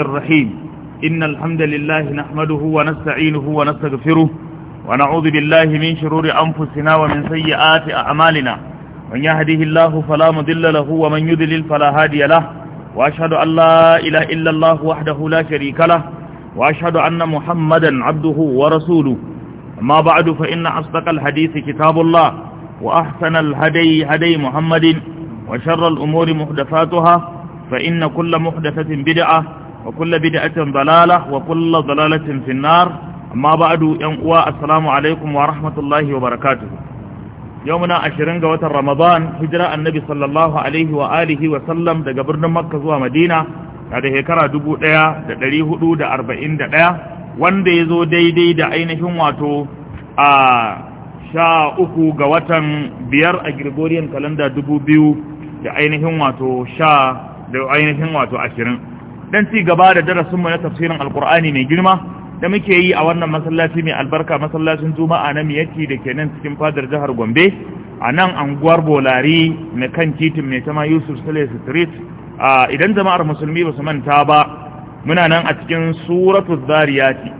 الرحيم إن الحمد لله نحمده ونستعينه ونستغفره ونعوذ بالله من شرور أنفسنا ومن سيئات أعمالنا من يهده الله فلا مضل له ومن يضلل فلا هادي له وأشهد أن لا إله إلا الله وحده لا شريك له وأشهد أن محمدا عبده ورسوله أما بعد فإن أصدق الحديث كتاب الله وأحسن الهدي هدي محمد وشر الأمور محدثاتها فإن كل محدثة بدعة wa kulla bid'atin dalalah wa kulla dalalatin fi an-nar amma ba'du yan uwa assalamu alaikum wa rahmatullahi wa barakatuh yawmuna 20 ga watan ramadan hijira annabi sallallahu alaihi wa alihi wa sallam daga birnin makka zuwa madina a da hekara 1441 wanda yazo daidai da ainihin wato a sha uku ga watan biyar a gregorian calendar 2000 da ainihin wato sha da ainihin wato ashirin dan ci gaba da darasinmu na tafsirin alkur'ani mai girma da muke yi a wannan masallaci mai albarka masallacin juma'a na miyaki da ke nan cikin fadar jihar gombe a nan anguwar bolari na kan titin mai tama yusuf sale street idan jama'ar musulmi ba su manta ba muna nan a cikin suratu zariyati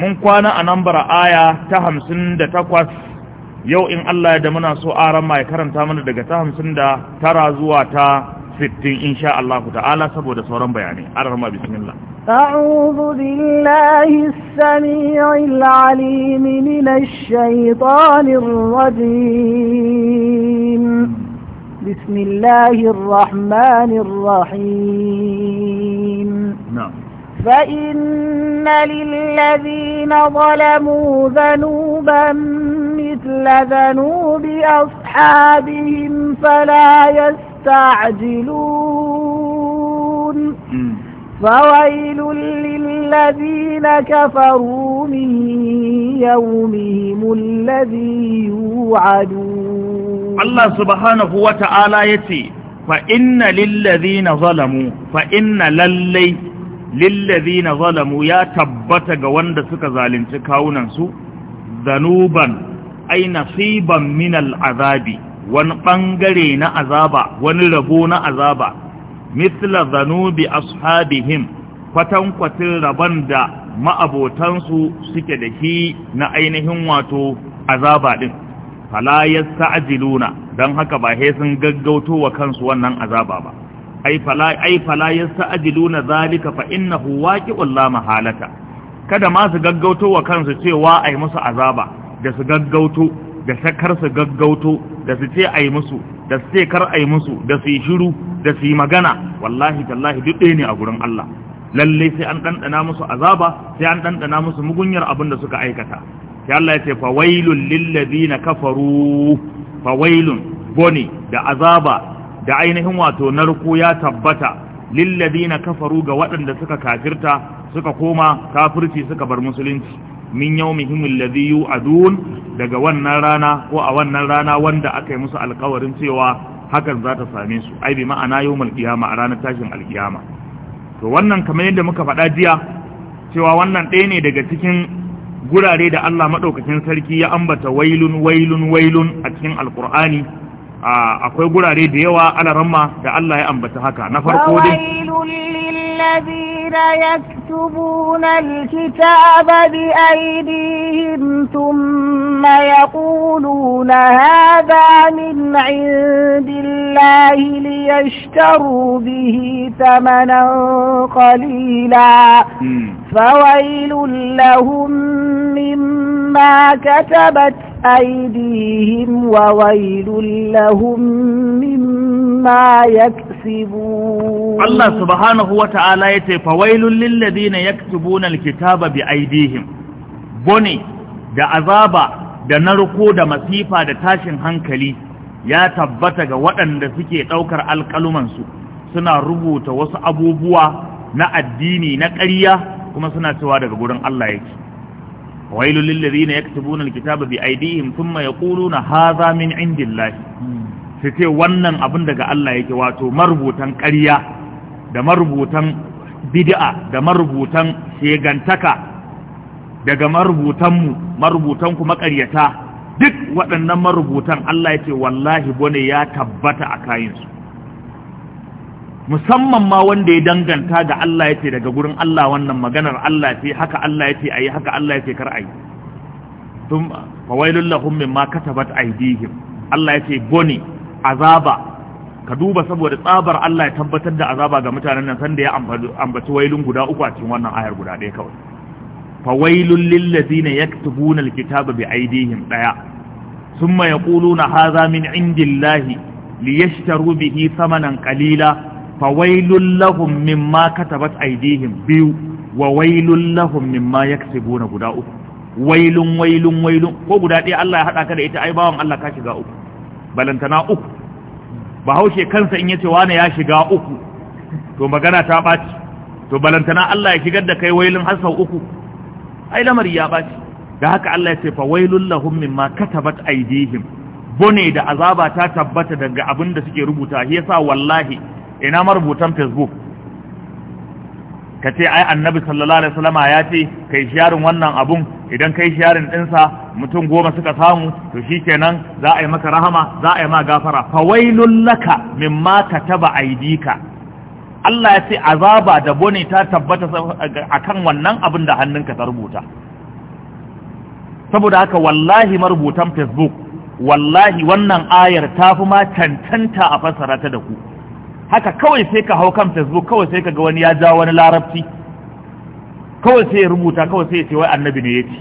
mun kwana a nambara aya ta hamsin da takwas yau in allah ya da muna so aran ma ya karanta mana daga ta hamsin da tara zuwa ta ستين إن 60 insha Allah ta'ala saboda بياني bayanai بسم الله أعوذ بالله السميع العليم من الشيطان الرجيم بسم الله الرحمن الرحيم نعم فإن للذين ظلموا ذنوبا مثل ذنوب أصحابهم فلا يستطيعون تستعجلون فويل للذين كفروا من يومهم الذي يوعدون الله سبحانه وتعالى يتي فإن للذين ظلموا فإن للي للذين ظلموا يا تبتغ وند سك ظالمت كاونن سو ذنوبا أي نصيبا من العذاب wani ɓangare na azaba wani rabo na azaba misla zanubi ashabihim kwatankwacin rabon da ma'abotansu suke da shi na ainihin wato azaba ɗin falayar sa'ajiluna don haka ba he sun gaggauto wa kansu wannan azaba ba ai falayar sa'ajiluna zalika fa inna huwaki ƙulla mahalata kada ma su gaggauto wa kansu cewa ai musu azaba da su gaggauto da sakar su gaggauto da su ce a yi musu da su ce kar a yi musu da su yi shiru da su yi magana wallahi tallahi duk ɗaya ne a gurin Allah lalle sai an ɗanɗana musu azaba sai an ɗanɗana musu mugunyar abin da suka aikata sai Allah ya ce fawailun lillazina kafaru fawailun boni da azaba da ainihin wato narko ya tabbata lillazina kafaru ga waɗanda suka kafirta suka koma kafirci suka bar musulunci min yawmihim alladhi yu'adun daga wannan rana ko a wannan rana wanda aka yi musu alkawarin cewa hakan za ta same su ai bi ma'ana yawmul qiyama a ranar tashin alqiyama to wannan kamar yadda muka faɗa jiya cewa wannan ɗaya ne daga cikin gurare da Allah madaukakin sarki ya ambata wailun wailun wailun a cikin alqur'ani akwai gurare da yawa alaramma da Allah ya ambata haka na farko dai الذين يكتبون الكتاب بأيديهم ثم يقولون هذا من عند الله ليشتروا به ثمنا قليلا فويل لهم مما كتبت أيديهم وويل لهم مما يكسبون الله سبحانه وتعالى يتي فويل للذين يكتبون الكتاب بأيديهم بني da azaba da narko da masifa da tashin hankali ya tabbata ga waɗanda suke ɗaukar alƙalumansu suna rubuta wasu abubuwa na addini na ƙarya kuma suna cewa daga wurin Allah yake wailu lillazina yaktubuna alkitaba bi maya thumma yaquluna hadha min indillahi su ce wannan abin daga Allah yake wato marubutan ƙarya da marubutan bid'a da marubutan shegantaka daga marubutan mu marubutan kuma ƙaryata duk waɗannan marubutan Allah yake wallahi bane ya tabbata a kayinsu musamman ma wanda ya danganta ga Allah ya ce daga gurin Allah wannan maganar Allah ya ce haka Allah ya ce ayi haka Allah ya ce kar ayi tun fawailun lahum mimma katabat aidihim Allah ya ce goni azaba ka duba saboda tsabar Allah ya tabbatar da azaba ga mutanen nan sanda ya ambaci wailun guda uku a cikin wannan ayar guda ɗaya kawai fawailun lillazina yaktubuna alkitaba bi aidihim daya ثم يقولون هذا min عند الله ليشتروا به ثمنا قليلا fawailul lahum mimma katabat aydihim biyu wa wailul lahum mimma yaksubuna guda uku wailun wailun wailun ko guda ɗaya Allah ya haɗa ka da ita ai bawan Allah ka shiga uku balantana uku bahaushe kansa in yace wani ya shiga uku to magana ta ɓaci to balantana Allah ya shigar da kai wailun har sau uku ai lamari ya ɓaci da haka Allah ya ce fa wailul lahum mimma katabat aydihim bone da azaba ta tabbata daga abin da suke rubuta shi yasa wallahi ina marubutan facebook ka ce ai annabi sallallahu alaihi wasallama ya ce kai sharin wannan abun idan kai sharin dinsa mutum goma suka samu to shikenan za a yi maka rahama za a yi ma gafara wailul laka mimma kataba aidika Allah ya ce azaba da bone ta tabbata akan wannan abin da hannunka ta rubuta saboda haka wallahi marubutan facebook wallahi wannan ayar ta fi ma cancanta a fassara ta da ku haka kawai sai ka hau kan facebook kawai sai ka ga wani ya ja wani larabci kawai sai ya rubuta kawai sai ya ce wai annabi ne ya ce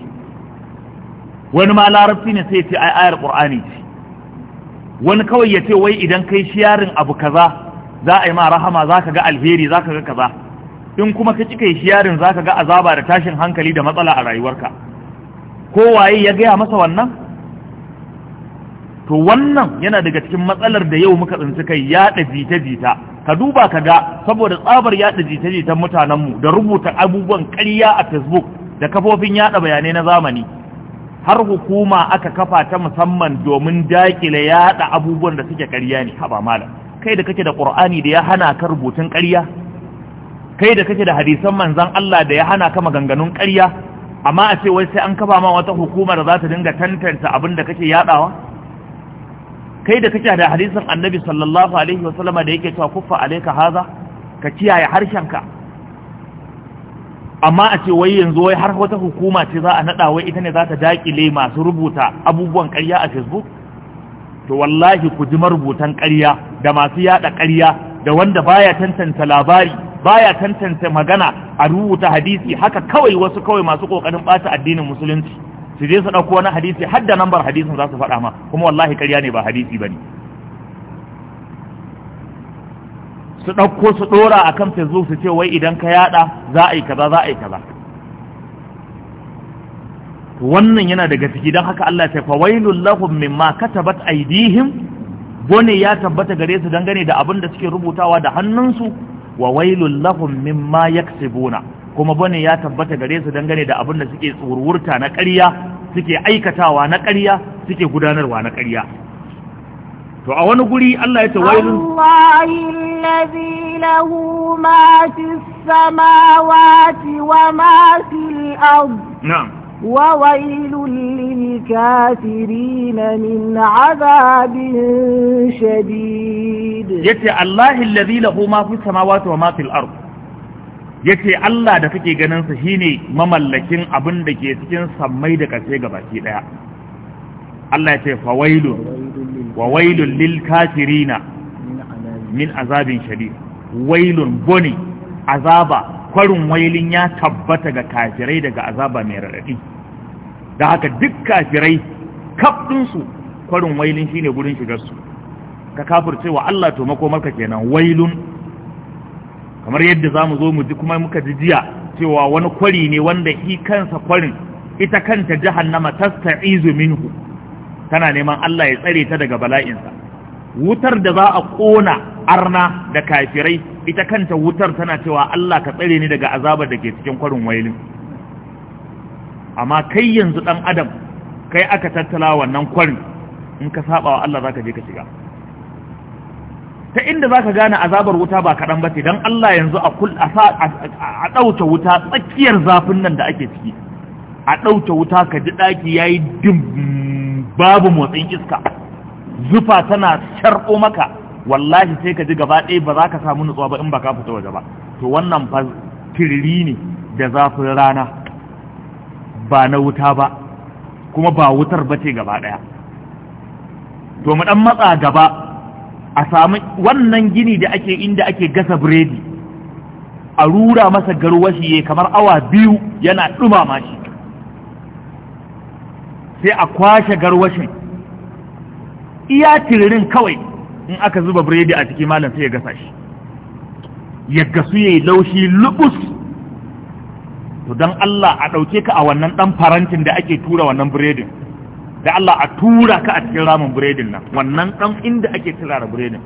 wani ma larabci ne sai ya ce ai ayar qur'ani ce wani kawai ya ce wai idan kai shiyarin abu kaza za a yi ma rahama za ka ga alheri za ka ga kaza in kuma ka cika yi shiyarin za ka ga azaba da tashin hankali da matsala a rayuwarka Ko waye ya gaya masa wannan to wannan yana daga cikin matsalar da yau muka tsinci kai yaɗa jita-jita ka duba ka ga saboda tsabar yaɗa jita-jitan mutanenmu da rubuta abubuwan ƙarya a facebook da kafofin yaɗa bayanai na zamani har hukuma aka kafa ta musamman domin dakile yaɗa abubuwan da suke ƙarya ne haba malam kai da kake da ƙur'ani da ya hana ka rubutun ƙarya kai da kake da hadisan manzon Allah da ya hana ka maganganun ƙarya amma a ce wai sai an kafa ma wata hukuma da za ta dinga tantance abin da kake yaɗawa kai da kake da hadisin annabi sallallahu alaihi wasallama da yake cewa kuffa alaika haza ka kiyaye harshenka amma a ce wai yanzu wai har wata hukuma ce za a nada wai ita ne za ta dakile masu rubuta abubuwan ƙarya a facebook to wallahi ku ji marubutan ƙarya da masu yada ƙarya da wanda baya tantance labari baya tantance magana a rubuta hadisi haka kawai wasu kawai masu kokarin bata addinin musulunci su je su ɗauko wani hadisi har da nambar hadisin za su faɗa ma kuma wallahi karya ne ba hadisi ba ne su ɗauko su ɗora a kan facebook su ce wai idan ka yaɗa za a yi kaza za a yi kaza wannan yana daga ciki don haka Allah ce fa wailul lahum mimma katabat aydihim bone ya tabbata gare su dangane da abin da suke rubutawa da hannunsu wa wailul lahum mimma yaksibuna kuma bane ya tabbata gare su dangane da abin da suke tsurwurta na ƙarya suke aikatawa na ƙarya suke gudanarwa na ƙarya to a wani guri Allah ya ce allazi lahu ma fis samawati wa ma fil ard na'am wa wailul lil kafirin min adhabin shadid yace Allahi allazi lahu ma fis samawati wa ma fil ard ya ce Allah da kake ganinsa shi ne mamallakin abin da ke cikin sammai da ƙarshe ga baki ɗaya Allah ya ce fawailun wa lil kafirina min azabin shari wailun boni azaba kwarin wailin ya tabbata ga kafirai daga azaba mai raɗaɗi da haka duk kafirai kaɗinsu kwarin wailin shine gurin shigarsu ka kafircewa Allah to makomarka kenan wailun kamar yadda za mu zo mu ji kuma muka ji jiya cewa wani kwari ne wanda shi kansa kwarin ita kanta jahannama tasta'izu minhu tana neman Allah ya tsare ta daga bala'insa wutar da za a kona arna da kafirai ita kanta wutar tana cewa Allah ka tsare ni daga azabar da ke cikin kwarin wailin amma kai yanzu dan adam kai aka tattala wannan kwarin in ka saba wa Allah zaka je ka shiga ta inda za ka gane azabar wuta ba kaɗan ba ce don Allah yanzu a ɗauce wuta tsakiyar zafin nan da ake ciki a ɗauce wuta ka ji ɗaki ya yi dim babu motsin iska zufa tana sharɓo maka wallahi sai ka ji gaba ɗaya ba za ka samu nutsuwa ba in ba ka fita waje ba to wannan fa tiriri ne da zafin rana ba na wuta ba kuma ba wutar ba ce gaba ɗaya to mu ɗan matsa gaba a samu wannan gini da ake inda ake gasa biredi a rura masa garwashi ya kamar awa biyu yana dumama shi sai a kwashe garwashin iya tiririn kawai in aka zuba biredi a cikin malam sai ya gasa shi ya gasu ya yi laushi lubus to don Allah a ɗauke ka a wannan ɗan farantin da ake tura wannan biredin da Allah a tura ka a cikin ramin biredin nan wannan dan inda ake turara biredin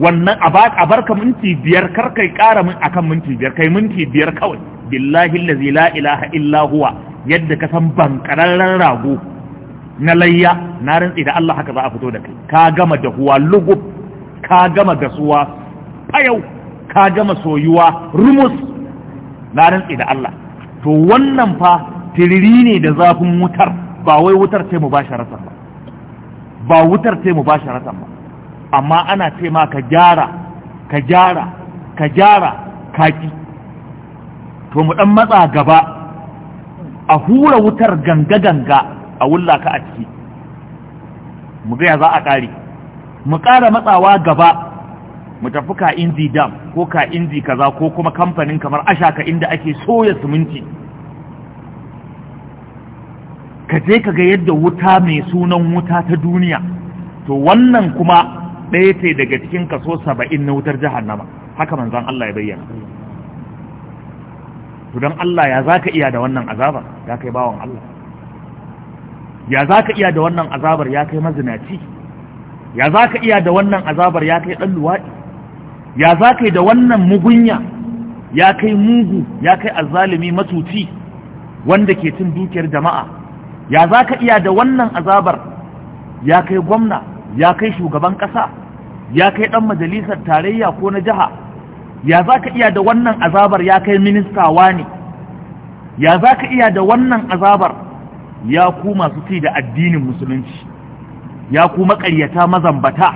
wannan a bar ka minti biyar kar kai kara min akan minti biyar kai minti biyar kawai billahi allazi la ilaha illa huwa yadda ka san kararran rago na layya na rantsi da Allah haka za a fito da kai ka gama dahuwa lugub ka gama gasuwa payau, ka gama soyuwa rumus na rantsi da Allah to wannan fa tiriri ne da zafin wutar ba wai wutar ce mu rasan ba ba wutar ce mu rasan ba amma ana ce ma ka gyara ka gyara ka gyara kaki to mu dan matsa gaba a hura wutar ganga-ganga a wulla ka a ciki mu ya za a kare mu ƙara matsawa gaba mu tafi ka inji dam ko ka inji kaza ko kuma kamfanin kamar ashaka inda ake soya siminti ka je ka ga yadda wuta mai sunan wuta ta duniya to wannan kuma ɗaya ce daga cikin kaso saba'in na wutar jahannama haka manzan Allah ya bayyana to don Allah ya za ka iya da wannan azabar ya kai bawan Allah ya za ka iya da wannan azabar ya kai mazinaci ya za ka iya da wannan azabar ya kai ɗan luwaɗi ya za ka yi da wannan mugunya ya kai mugu ya kai azalimi matuci wanda ke cin dukiyar jama'a ya za ka iya da wannan azabar ya kai gwamna ya kai shugaban ƙasa ya kai ɗan majalisar tarayya ko na jiha ya za ka iya da wannan azabar ya kai wa ne ya za ka iya da wannan azabar ya ku masu ci da addinin musulunci ya ku maƙaryata mazambata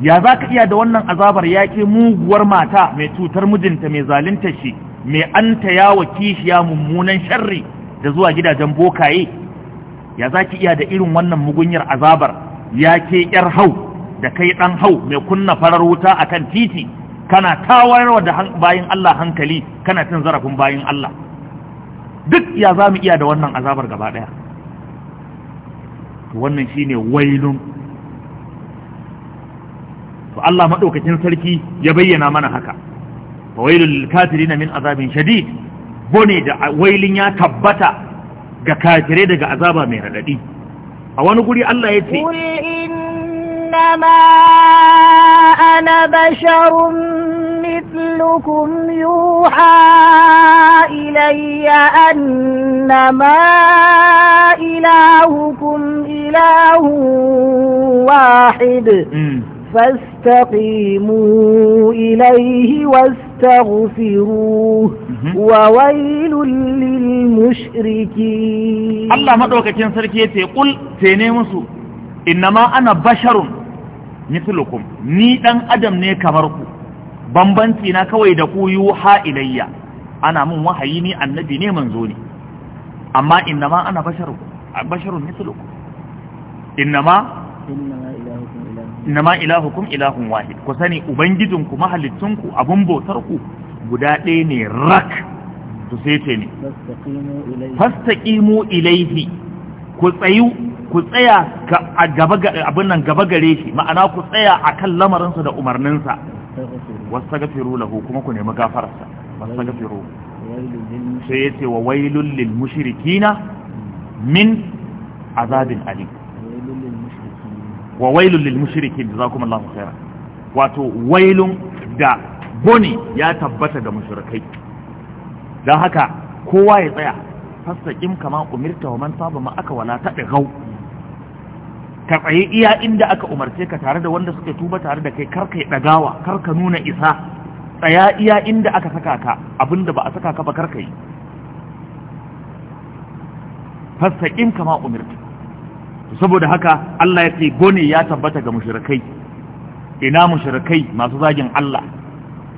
ya za ka iya da wannan azabar ya ke muguwar mata mai cutar mijinta mai zalunta shi mai anta yawa kishiya mummunan sharri da zuwa gidajen bokaye ya za ki iya da irin wannan mugunyar azabar ya ke yar hau da kai ɗan hau mai kunna farar wuta a kan titi kana tawayarwa da bayan Allah hankali kana cin zarafin bayan Allah duk ya za mu iya da wannan azabar gaba To wannan shi ne wailun to Allah maɗaukacin sarki ya bayyana mana haka wailul kafirina min azabin shadid bone da wailin ya tabbata ga kafire daga azaba mai radadi a wani guri Allah ya ce innama ana basharun mithlukum yuha ya annama ilahukum ilahun wahid mm. فاستقيموا إليه واستغفروه وويل للمشركين الله سركي تنسركي تيني مسو إنما أنا بشر مثلكم ني دان أدم ني كمركم بمبنتي ناكوي دكو يوحى إلي أنا من وحييني النبي ني منزوني أما إنما أنا بشر بشر مثلكم إنما inama ilahukum ilahun wahid ku sani ubangijinku mahalittunku abun bautarku guda ɗaya ne rak to sai ce ne fastaqimu ilaihi ku tsayu ku tsaya abin nan gaba gare shi ma'ana ku tsaya akan lamarinsa da umarninsa wastaghfiru lahu kuma ku nemi gafararsa wastaghfiru sai ce wa wailul lil mushrikina min azabin alim wa wailun lil mushrikin jazakumullahu khairan wato wailun da boni ya tabbata ga mushrikai dan haka kowa ya tsaya fastaqim kama umirta wa man saba ma aka wala ta dagau ka tsaye iya inda aka umarce ka tare da wanda suka tuba tare da kai karka ya dagawa karka nuna isa tsaya iya inda aka saka ka abinda ba a saka ka ba karka yi fastaqim kama umirta saboda haka Allah ya ce gone ya tabbata ga mushrikai ina mushrikai masu zagin Allah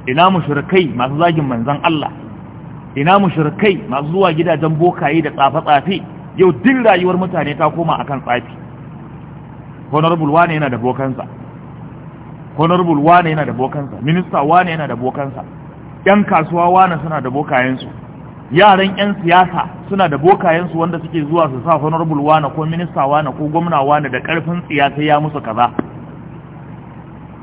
ina mushrikai masu zagin manzon Allah ina mushrikai masu zuwa gidajen bokaye da tsafe-tsafe yau din rayuwar mutane ta koma akan tsafi honorable wane yana da bokansa honorable wane yana da bokansa minista wane yana da bokansa yan kasuwa wane suna da bokayensu yaran 'yan siyasa suna da bokayensu wanda suke zuwa su sa honorable bulwana ko minista wane ko gwamna wane da karfin siyasa ya musu kaza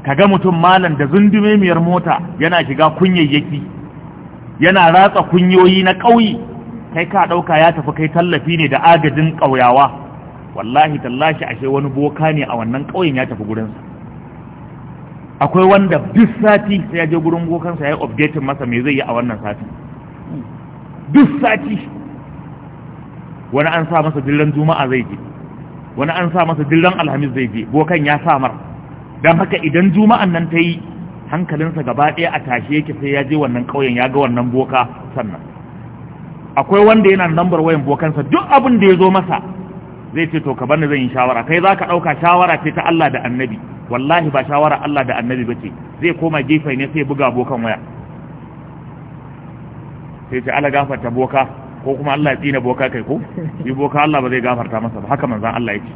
kaga mutum malam da zundumemiyar mota yana shiga kunyayyaki yana ratsa kunyoyi na ƙauyi kai ka ɗauka ya tafi kai tallafi ne da agajin ƙauyawa wallahi tallashi ashe wani boka ne a wannan ƙauyen ya tafi gurinsa akwai wanda duk sati sai ya je gurin bokansa ya yi updating masa me zai yi a wannan satin duk sati wani an sa masa dillan juma'a zai je wani an sa masa dillan alhamis zai je bokan ya samar don haka idan juma'an nan ta yi hankalinsa gaba ɗaya a tashe yake sai ya je wannan ƙauyen ya ga wannan boka sannan akwai wanda yana lambar wayan bokansa duk abin da ya zo masa zai ce to ka bani zan yi shawara kai za ka ɗauka shawara ce ta Allah da annabi wallahi ba shawara Allah da annabi ba ce zai koma gefe ne sai buga bokan waya sai ce ala gafarta boka ko kuma Allah ya tsina boka kai ko yi boka Allah ba zai gafarta masa ba haka manzan Allah ya ce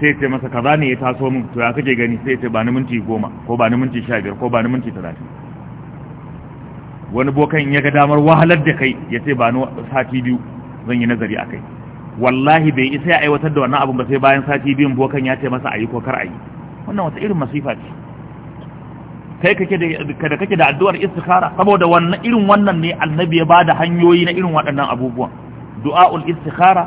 sai ce masa kaza ne ya taso min to ya kake gani sai ce ba ni minti goma ko ba ni minti sha biyar ko ba ni minti talatin wani bokan ya ga damar wahalar da kai ya ce ba ni sati biyu zan yi nazari a kai wallahi bai isa ya aiwatar da wannan abin ba sai bayan sati biyun bokan ya ce masa ayi ko kar ayi wannan wata irin masifa ce kai kake da kake da addu'ar istikhara saboda wannan irin wannan ne annabi ya da hanyoyi na irin waɗannan abubuwan du'aul istikhara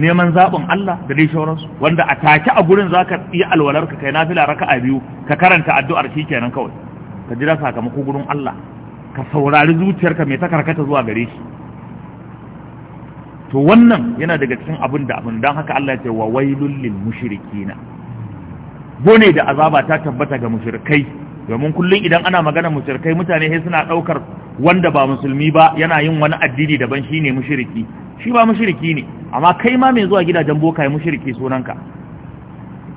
neman zabin Allah da dai shauransu wanda a take a gurin zaka iya alwalar ka kai raka a biyu ka karanta addu'ar shikenan kawai ka jira sakamako gurin Allah ka saurari zuciyarka mai ta karkata zuwa gare shi to wannan yana daga cikin abin da abin don haka Allah ya ce wa wailul lil mushrikina bone da azaba ta tabbata ga mushrikai domin kullum idan ana magana mushrikai mutane sai suna daukar wanda ba musulmi ba yana yin wani addini daban shine mushiriki. shi ba mushriki ne amma kai ma mai zuwa gidajen boka ya mushiriki sunanka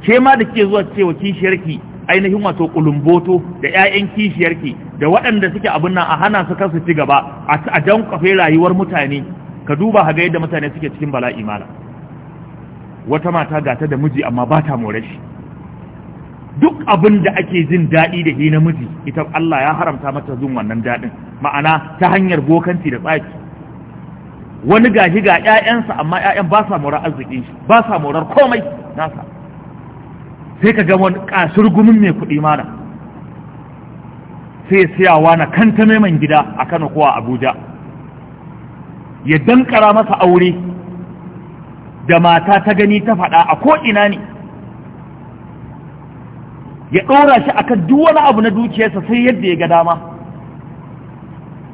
ke ma da kike zuwa cewa kishiyarki ainihin wato kulumboto da ƴaƴan kishiyarki da waɗanda suke abin nan a hana su kansu ci gaba a kafe rayuwar mutane ka duba haga yadda mutane suke cikin bala'i mala wata mata gata da miji amma ba ta more shi duk abin da ake jin daɗi da na miji ita Allah ya haramta mata jin wannan daɗin ma'ana ta hanyar bokanci da tsaki wani gashi ga ƴaƴansa amma ƴaƴan ba sa morar arziki shi ba sa morar komai nasa sai ka ga wani kasur gumin mai kuɗi mana sai siyawa na kanta neman gida a Kano ko a Abuja ya dankara masa aure da mata ta gani ta faɗa a ko ina ne ya ɗora shi kan duk wani abu na dukiyarsa sai yadda ya ga dama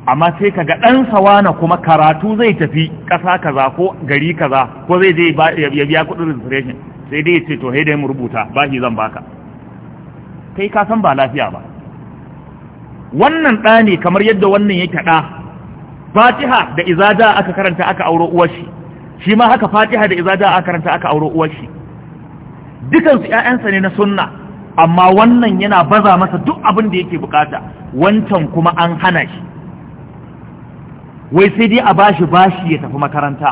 amma sai ka ga ɗan sawana kuma karatu zai tafi ƙasa kaza ko gari kaza ko zai je ya biya kuɗin registration sai dai ya ce to haidai mu rubuta ba shi zan baka kai ka san ba lafiya ba wannan ɗa ne kamar yadda wannan ya kaɗa fatiha da izada aka karanta aka auro uwar shi shi ma haka fatiha da izada aka karanta aka auro uwar shi dukansu ƴaƴansa ne na sunna amma wannan yana baza masa duk abin da yake bukata wancan kuma an hana shi wai sai dai a bashi bashi ya tafi makaranta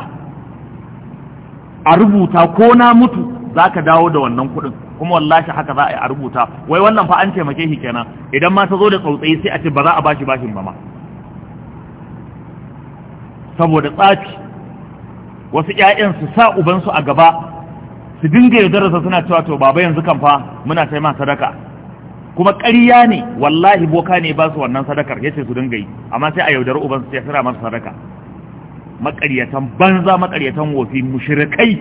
a rubuta ko na mutu za ka dawo da wannan kuɗin kuma wallashi haka za a yi a rubuta wai wannan fa an taimake shi kenan idan ma ta zo da tsautsayi sai a ce ba za a bashi bashin ba ma saboda tsafi wasu 'ya'yan su sa ubansu a gaba su dinga yaudararsa suna cewa to baba yanzu kan fa muna sai ma sadaka kuma ƙarya ne wallahi boka ne ba su wannan sadakar yace su dinga yi amma sai a yaudar uban su ya sira masa sadaka maƙaryatan banza maƙaryatan wofi mushrikai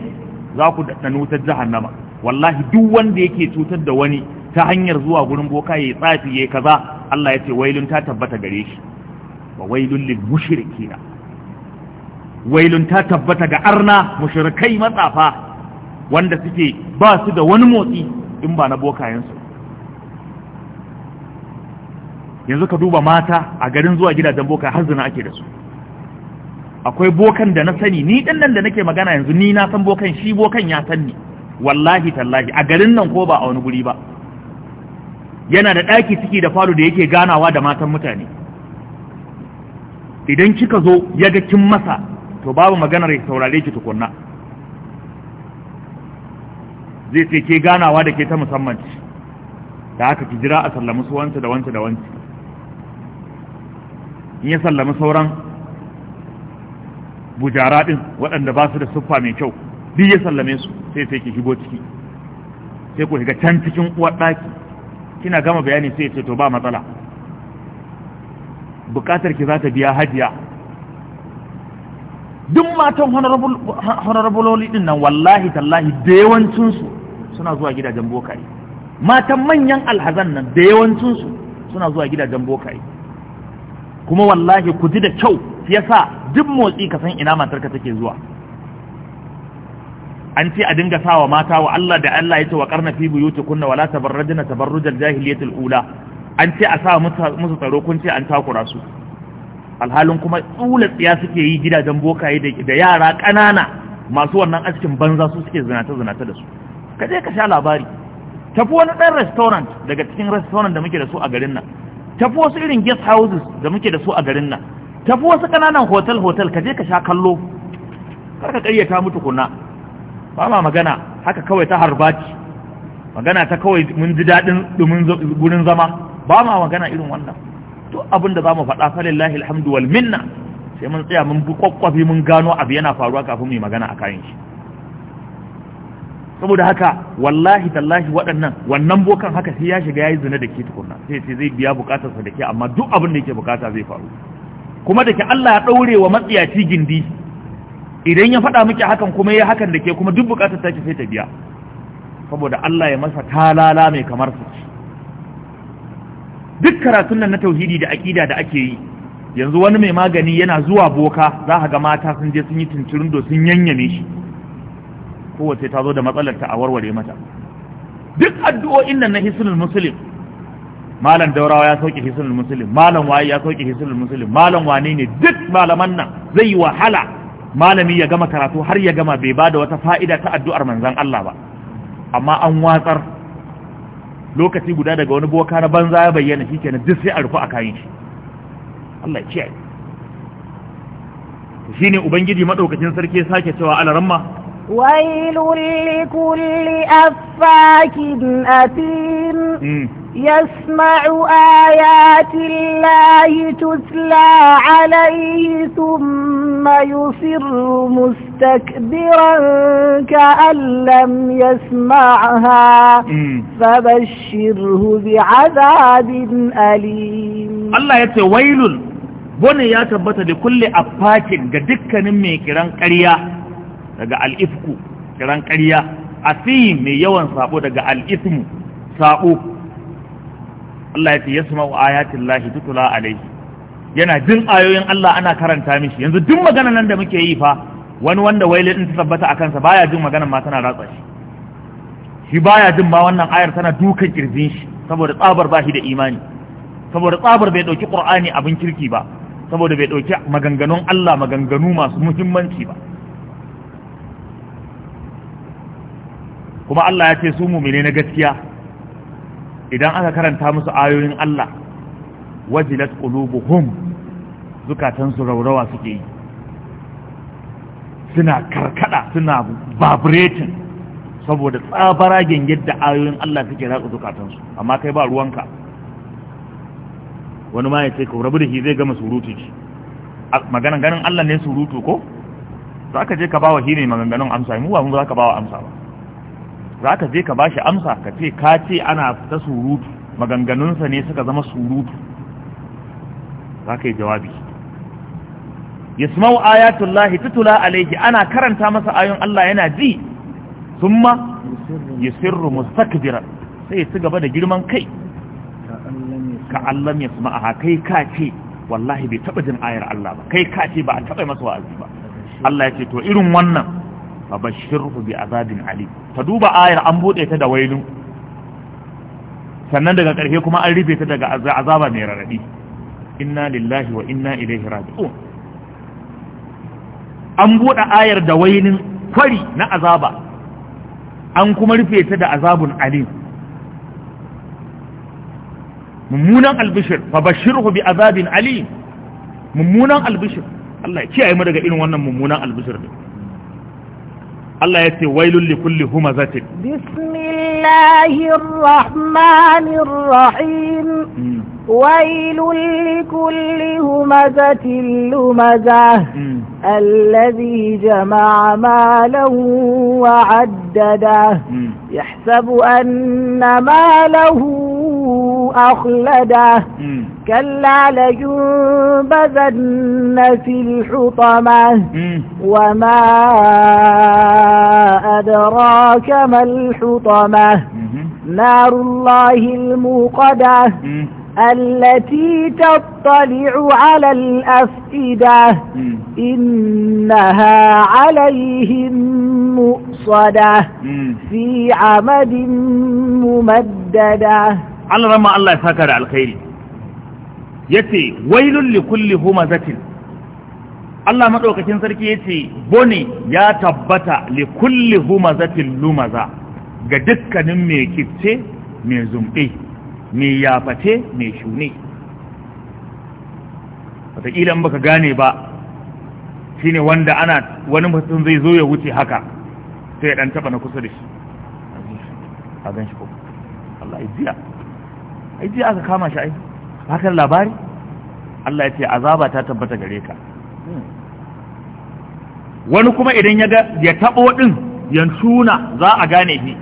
za ku da nutar jahannama wallahi duk wanda yake cutar da wani ta hanyar zuwa gurin boka yayi tsafi yayi kaza Allah yace wailun ta tabbata gare shi wa wailun lil mushrikina wailun ta tabbata ga arna mushrikai matsafa wanda suke ba su da wani motsi in ba na bokayensu yanzu ka duba mata a garin zuwa gidajen boka har zina ake da su akwai bokan da na sani ni dan nan da nake magana yanzu ni na san bokan shi bokan ya san ni wallahi tallahi a garin nan ko ba a wani guri ba yana da ɗaki ciki da falo da yake ganawa da matan mutane idan kika zo ya ga kin masa to babu maganar ya saurare ki tukunna zai ce ke ganawa da ke ta musamman ci da haka ki jira a sallami su wance da wance da wance in ya sallami sauran bujara din waɗanda ba su da siffa mai kyau duk ya sallame su sai sai ki shigo ciki sai ku shiga can cikin uwar ɗaki kina gama bayani sai ce to ba matsala Buƙatar ki za ta biya hajiya duk matan honorable din nan wallahi tallahi da yawancinsu suna zuwa gidajen bokaye matan manyan alhazan nan da yawancinsu suna zuwa gidajen bokaye kuma wallahi ku ji da kyau yasa duk motsi ka san ina matarka take zuwa an ce a dinga sawa mata wa Allah da Allah ya ce wa karna fi buyuti kunna wala tabarrajna tabarrujal jahiliyatil ula an ce a sa musu tsaro kun ce an takura su alhalin kuma tsula tsiya suke yi gidajen bokaye da yara ƙanana masu wannan askin banza su suke zinata zinata da su ka je ka sha labari tafi wani ɗan restaurant daga cikin restaurant da muke da su a garin nan tafi wasu irin guest houses da muke da su a garin nan tafi wasu ƙananan hotel hotel ka je ka sha kallo kar ka ƙaryata mutu kunna ba ma magana haka kawai ta harbaci magana ta kawai mun ji daɗin ɗumin gurin zama ba ma magana irin wannan to abin da za mu faɗa falillahi alhamdu wal minna sai mun tsaya mun bi mun gano abu yana faruwa kafin mu yi magana a kayan shi saboda haka wallahi tallahi waɗannan wannan bokan haka sai ya shiga yayi zina da ke tukunna sai sai zai biya bukatarsa da ke amma duk abin da yake bukata zai faru kuma da ke Allah ya ɗaure wa matsiyaci gindi idan ya faɗa miki hakan kuma ya hakan da ke kuma duk bukatar ta sai ta biya saboda Allah ya masa talala mai kamar su duk karatun nan na tauhidi da aƙida da ake yi yanzu wani mai magani yana zuwa boka za ka ga mata sun je sun yi tunturundo sun yanyame shi kowace ta zo da matsalarta a warware mata duk addu'o'in nan na hisnul muslim malam daurawa ya sauƙi hisnul muslim malam waye ya sauƙi hisnul muslim malam wane ne duk malaman nan zai yi wahala malami ya gama karatu har ya gama bai ba da wata fa'ida ta addu'ar manzan Allah ba amma an watsar lokaci guda daga wani boka na banza ya bayyana shi kenan duk sai a rufu a kayan shi Allah ya kiyaye shi ne ubangiji maɗaukacin sarki sake cewa alaramma ويل لكل أفاك أثيم يسمع آيات الله تتلى عليه ثم يصر مستكبرا كأن لم يسمعها فبشره بعذاب أليم الله يتويل بني يا تبت لكل أفاك دكا نمي كران قريا daga al'ifku kiran ƙarya asim mai yawan sabo daga al'ismu sabo Allah ya ce wa ayatin lahi tutula alaihi yana jin ayoyin Allah ana karanta mishi yanzu duk magana nan da muke yi fa wani wanda waile din ta tabbata a kansa baya jin maganan ma tana ratsa shi shi baya jin ba wannan ayar tana dukan kirjin shi saboda tsabar bashi da imani saboda tsabar bai ɗauki Ƙur'ani abin kirki ba saboda bai ɗauki maganganun Allah maganganu masu muhimmanci ba kuma Allah ya ce su mumine na gaskiya idan aka karanta musu ayoyin Allah wajilat qulubuhum zukatan su raurawa suke yi suna karkada suna vibrating saboda tsabaragen yadda ayoyin Allah suke ratsa zukatan su amma kai ba ruwanka wani ma ya ce ka rabu da shi zai gama surutu shi maganan ganin Allah ne surutu ko za ka je ka ba wa shi ne maganganun amsa mu ba mun za ka ba wa amsa ba za ka je ka bashi amsa ka ce ka ce ana ta surutu maganganunsa ne suka zama surutu za ka yi jawabi yasmau ayatullahi tutula alaihi ana karanta masa ayon Allah yana ji summa yusirru mustakbira sai ya ci gaba da girman kai ka Allah ya suma a kai ka ce wallahi bai taba jin ayar Allah ba kai ka ce ba a taba masa wa'azi ba Allah ya ce to irin wannan fa bashirhu bi azabin ali Ta duba ayar an bude ta da wailu sannan daga ƙarshe kuma an rufe ta daga azaba mai rarrabi inna lillahi wa inna ilaihi raji'un an bude ayar da wailin kwari na azaba an kuma rufe ta da azabun Ali. mummunan albishir fa bashirhu bi azabin Ali. mummunan albishir Allah ya kiyaye mu daga irin wannan mummunan albishir din Allah ya ce wailul li kulli humazatin bismillahir rahmanir rahim ويل لكل همزة لمزة الذي جمع ماله وعدده يحسب أن ماله أخلده كلا لينبذن في الحطمة وما أدراك ما الحطمة نار الله الموقدة التي تطلع على الأفئدة إنها عليهم مؤصدة في عمد ممددة على رمى الله يفكر على الخير يتي ويل لكل همزة Allah maɗaukakin sarki ya ce, Bone ya tabbata li kulli humazatin lumaza ga dukkanin mai kifce mai zumɗe. mai yafate mai shuni wataƙila in baka gane ba shine wanda ana wani mutum zai zo ya wuce haka sai ya dan taba na kusa da shi a gan shi ko Allah ya jiya ai jiya aka kama shi ai hakan labari Allah ya ce azaba ta tabbata gare ka wani kuma idan ya ga ya tabo din yan tuna za a gane shi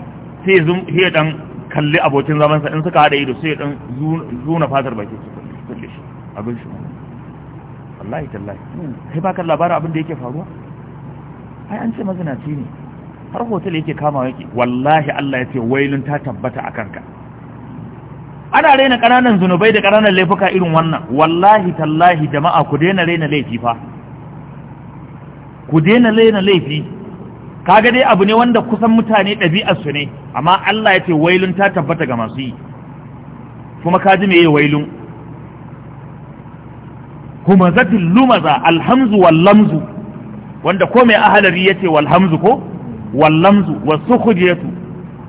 sai ya dan kalli abokin zamansa in suka haɗa ido sai ɗan zuna fatar baki su kalle shi abin shi wallahi tallahi kai baka labarin abin da yake faruwa ai an ce mazinaci ne har hotel yake kama yake wallahi Allah ya ce wailun ta tabbata a kanka ana raina ƙananan zunubai da ƙananan laifuka irin wannan wallahi tallahi jama'a ku daina raina laifi fa ku daina raina laifi kaga dai abu ne wanda kusan mutane ɗabi'ar ne amma Allah ya ce wailun ta tabbata ga masu yi kuma ka ji meye wailun kuma zatin lumaza alhamzu wallamzu wanda ko mai ahalari ya ce walhamzu ko wallamzu wasukhriyatu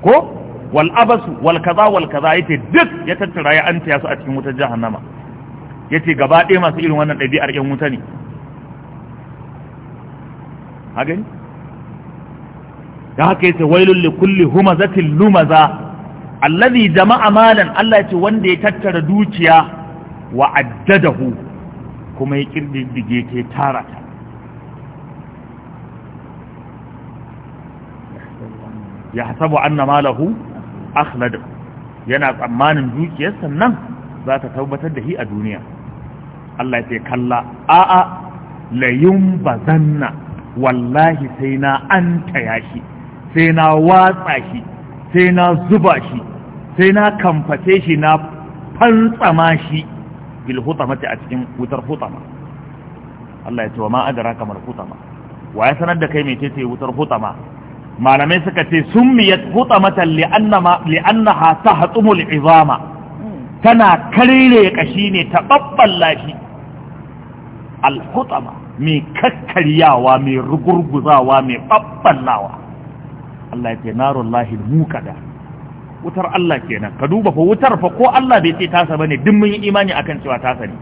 ko wal abasu wal kaza wal kaza duk ya tattara ya anca su a cikin wutar jahannama ce gaba ɗaya masu irin wannan ɗabi'ar yan wuta ne a gani da haka yace wailul li kulli humazatin lumaza allazi jama'a malan Allah yace wanda ya tattara dukiya wa addadahu kuma ya kirdige ke tara ta ya hasabu anna malahu yana tsammanin dukiyar sannan za ta tabbatar da shi a duniya Allah ya ce kalla a'a layun bazanna wallahi sai na an taya shi sai na watsa shi sai na zuba shi sai na kamfate shi na fantsama shi bil hutama a cikin wutar hutama Allah ya ce wa ma adara kamar hutama wa ya sanar da kai mai tece wutar hutama malamai suka ce sun summiyat hutamatan li'annama li'annaha tahtumul izama tana karire kashi ne ta babballa shi al hutama mai kakkaryawa mai rugurguzawa mai babballawa Allah ya ce narun lahil muƙada wutar Allah kenan ka duba fa wutar fa ko Allah bai ce tasa bane duk mun yi imani akan cewa tasa ne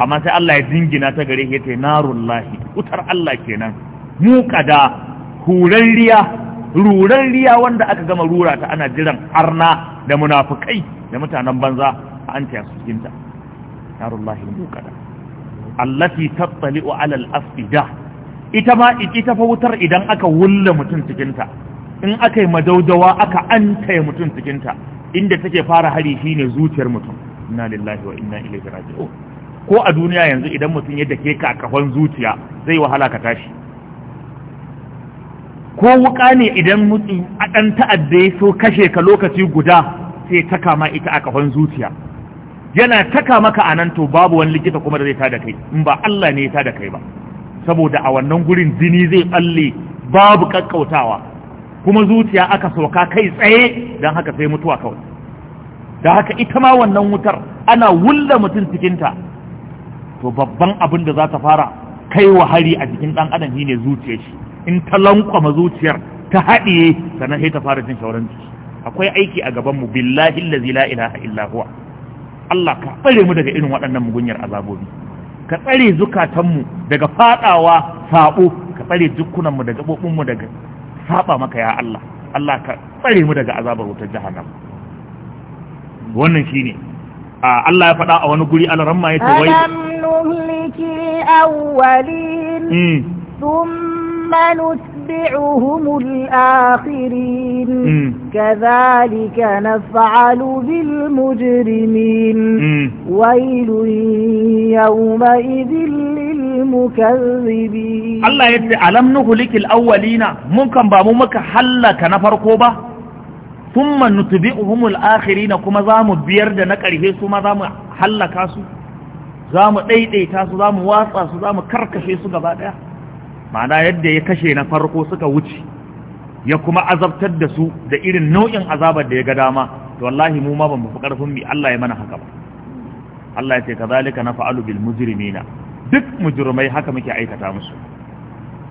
amma sai Allah ya dingina ta gare ya ce narun lahi wutar Allah kenan muƙada ruran riya wanda aka gama rura ta ana jiran arna da munafukai da mutanen banza a an ta su cikin ta narun lahi muƙada allati tattali'u ala al-afida ita ma ita fa wutar idan aka wulla mutum cikinta. ta in aka yi madaudawa aka an taya mutum cikinta inda take fara hari ne zuciyar mutum inna lillahi wa inna ilaihi raji'un ko a duniya yanzu idan mutum ya dake ka a kafan zuciya zai wahala ka tashi ko wuka ne idan mutum a ɗan ta'adda ya so kashe ka lokaci guda sai ta kama ita a kafan zuciya yana taka maka a nan to babu wani likita kuma da zai tada kai in ba Allah ne ya tada kai ba saboda a wannan gurin jini zai balle babu kakkautawa kuma zuciya aka sauka kai tsaye don haka sai mutuwa kawai da haka ita ma wannan wutar ana wulla mutum cikinta to babban abin da za ta fara kai wa hari a jikin ɗan adam shine zuciya shi in ta lankwama zuciyar ta haɗiye sannan sai ta fara jin shauran jiki akwai aiki a gaban mu billahi allazi la ilaha illa huwa Allah ka tsare mu daga irin waɗannan mugunyar azabobi ka tsare zukatanmu daga fadawa sabo ka tsare dukkunanmu da gabobinmu daga saba maka ya Allah Allah ka tsare mu daga azabar wutar jahannam wannan shine Allah ya faɗa a wani guri alaramma yace wai alam nuhliki awwalin hmm. thumma ونتبعهم الآخرين كذلك نفعل بالمجرمين ويل يومئذ للمكذبين الله يتي ألم نهلك الأولين ممكن بامومك حلك نفركو با ثم نتبعهم الآخرين كما زامو بيرد نكره ثم زامو حلكاسو zamu daidaita su zamu watsa su zamu karkashe su gaba daya ma'ana yadda ya kashe na farko suka wuce ya kuma azabtar da su da irin nau'in azabar da ya ga dama to wallahi mu ma ban mu karfin mi Allah ya mana haka ba Allah ya ce kazalika nafa'alu bil mujrimina duk mujrimai haka muke aikata musu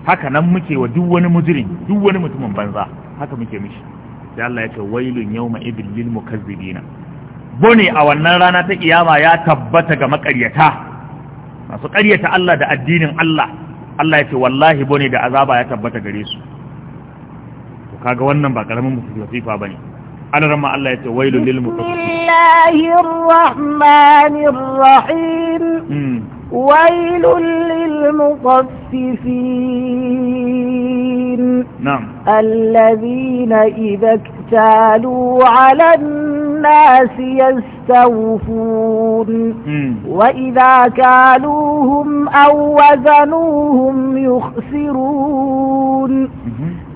haka nan muke wa duk wani mujrim duk wani mutumin banza haka muke mishi sai Allah ya ce wailun yawma idil lil mukazzibina bone a wannan rana ta kiyama ya tabbata ga makaryata masu karyata Allah da addinin Allah Allah ya ce wallahi bane da azaba ya tabbata gare su to kaga wannan ba karamin musifa bane ana ramma Allah ya ce wailu lil mutaffifin rahmanir rahim hmm. wailul lil mutaffifin نعم الذين إذا اكتالوا على الناس يستوفون وإذا كالوهم أو وزنوهم يخسرون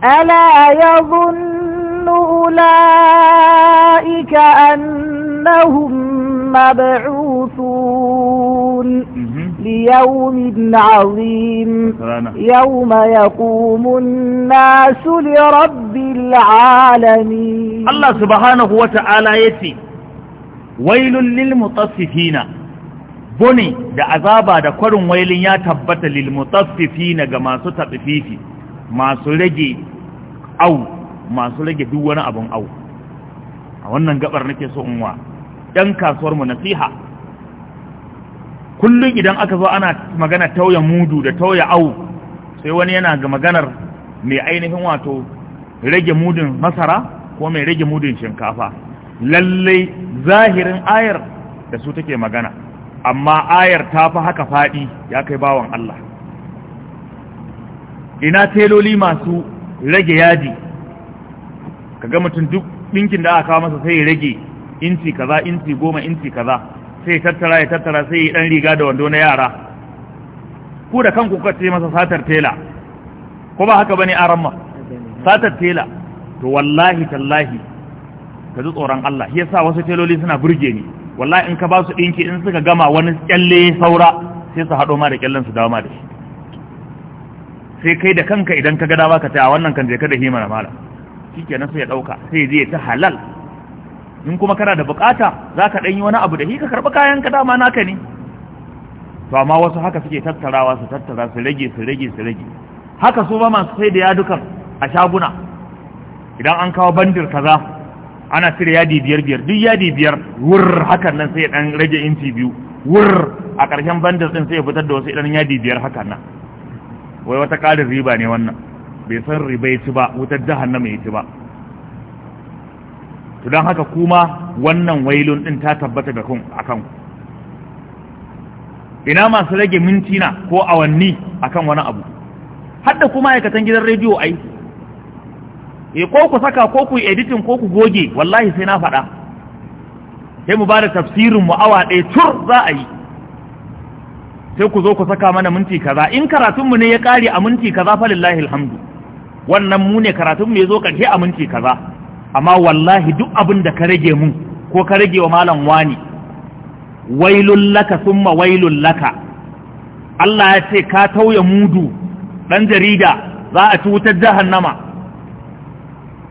ألا يظن أولئك أنهم مبعوثون بيوم عظيم يوم يقوم الناس لرب العالمين الله سبحانه وتعالى يتي ويل للمطففين bone da azaba da kwarin wailin ya tabbata lil mutaffifina ga masu tafififi masu rage au masu rage duk abun au a wannan gabar nake so in wa ɗan kasuwar mu nasiha kullum idan aka zo ana magana tauya mudu da tauya au sai wani yana ga maganar mai ainihin wato rage mudun masara ko mai rage mudun shinkafa lallai zahirin ayar da su take magana amma ayar ta fi haka faɗi ya kai bawan Allah ina teloli masu rage yadi ka kaga mutum duk ɗinkin da aka kawo masa sai rage inci kaza inci goma inci kaza sai tattara ya tattara sai yi dan riga da wando na yara ku da kanku kuka masa satar tela ko ba haka bane aramma satar tela to wallahi tallahi ka ji tsoron Allah shi yasa wasu teloli suna burge ni wallahi in ka ba su dinki in suka gama wani kyalle saura sai su hado ma da kyallen su dawo ma da shi sai kai da kanka idan ka ga dama ka ta wannan kan je ka da himar mala shikenan sai ya dauka sai je ta halal in kuma kana da bukata za ka ɗanyi wani abu da shi ka karɓi kayan ka dama naka ne to amma wasu haka suke tattarawa su tattara su rage su rage su rage haka su ba masu sai da yadukan a shaguna idan an kawo bandir kaza ana cire yadi biyar biyar duk yadi biyar wur hakan nan sai dan rage inci biyu wur a ƙarshen bandir din sai ya fitar da wasu idan yadi biyar hakan nan wai wata ƙarin riba ne wannan bai san riba ya ci ba wutar jahannama ya ci ba to don haka kuma wannan wailun din ta tabbata da kun akan ina masu rage mintina ko awanni akan wani abu hadda kuma aikatan gidan rediyo ai e ko ku saka ko ku editing ko ku goge wallahi sai na faɗa sai mu bada tafsirin mu awa ɗaya tur za a yi sai ku zo ku saka mana minti kaza in karatunmu ne ya ƙare a minti kaza fa lillahi alhamdu wannan mu ne karatun mu ya zo ƙarshe a minti kaza amma wallahi duk abin da ka rage mun ko ka rage wa malam wani wailun laka summa wailun laka Allah ya ce ka tauye mudu dan jarida za a ci wutar jahannama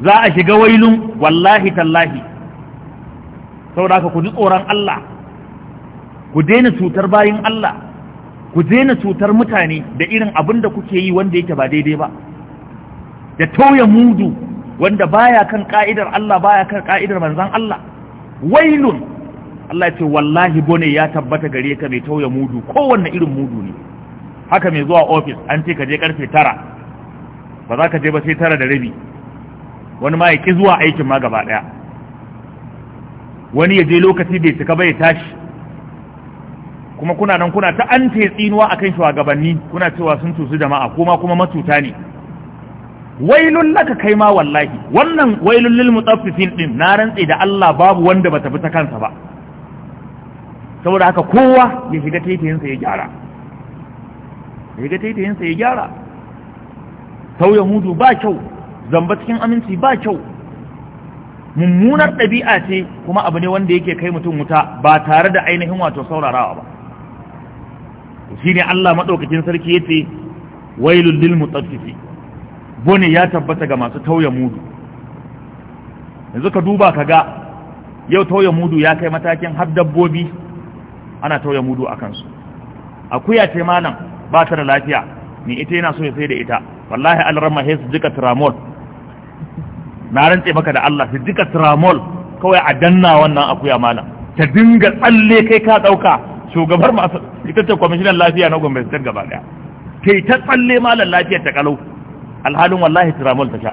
za a shiga wailun wallahi tallahi saboda ku ji tsoron Allah ku daina cutar bayin Allah ku daina cutar mutane da irin abin da kuke yi wanda yake ba daidai ba da tauye mudu wanda baya kan ka'idar Allah baya kan ka'idar manzon Allah wailun Allah ya ce wallahi gone ya tabbata gare ka mai tauya mudu kowanne irin mudu ne haka mai zuwa office an ce ka je karfe 9 ba za ka je ba sai 9 da rabi wani ma ya ki zuwa aikin ma gaba daya wani ya je lokaci bai cika ba ya tashi kuma kuna nan kuna ta an tsinuwa akan shugabanni kuna cewa sun tusu jama'a kuma kuma matuta ne wailun laka kai ma wallahi wannan wailun lil mutaffifin din na rantsi da Allah babu wanda bata fita ta kansa ba saboda haka kowa ya shiga taitayin sa ya gyara ya shiga taitayin sa ya gyara sauya hudu ba kyau zamba cikin aminci ba kyau mummunar ɗabi'a ce kuma abu ne wanda yake kai mutum wuta ba tare da ainihin wato saurarawa ba shine Allah madaukakin sarki yace wailul lil mutaffifin bone ya tabbata ga masu tauye mudu yanzu ka duba ka ga yau tauye mudu ya kai matakin har dabbobi ana tauye mudu a kansu akuya ce malam ba ta da lafiya ni ita yana so ya sai da ita wallahi alrama hes jika tramol na rantse maka da Allah su jika tramol kawai a danna wannan akuya malam ta dinga tsalle kai ka dauka shugabar masu ita ce kwamishinan lafiya na gwamnati gaba daya kai ta tsalle malam lafiya ta kalau alhalin wallahi tiramol ta sha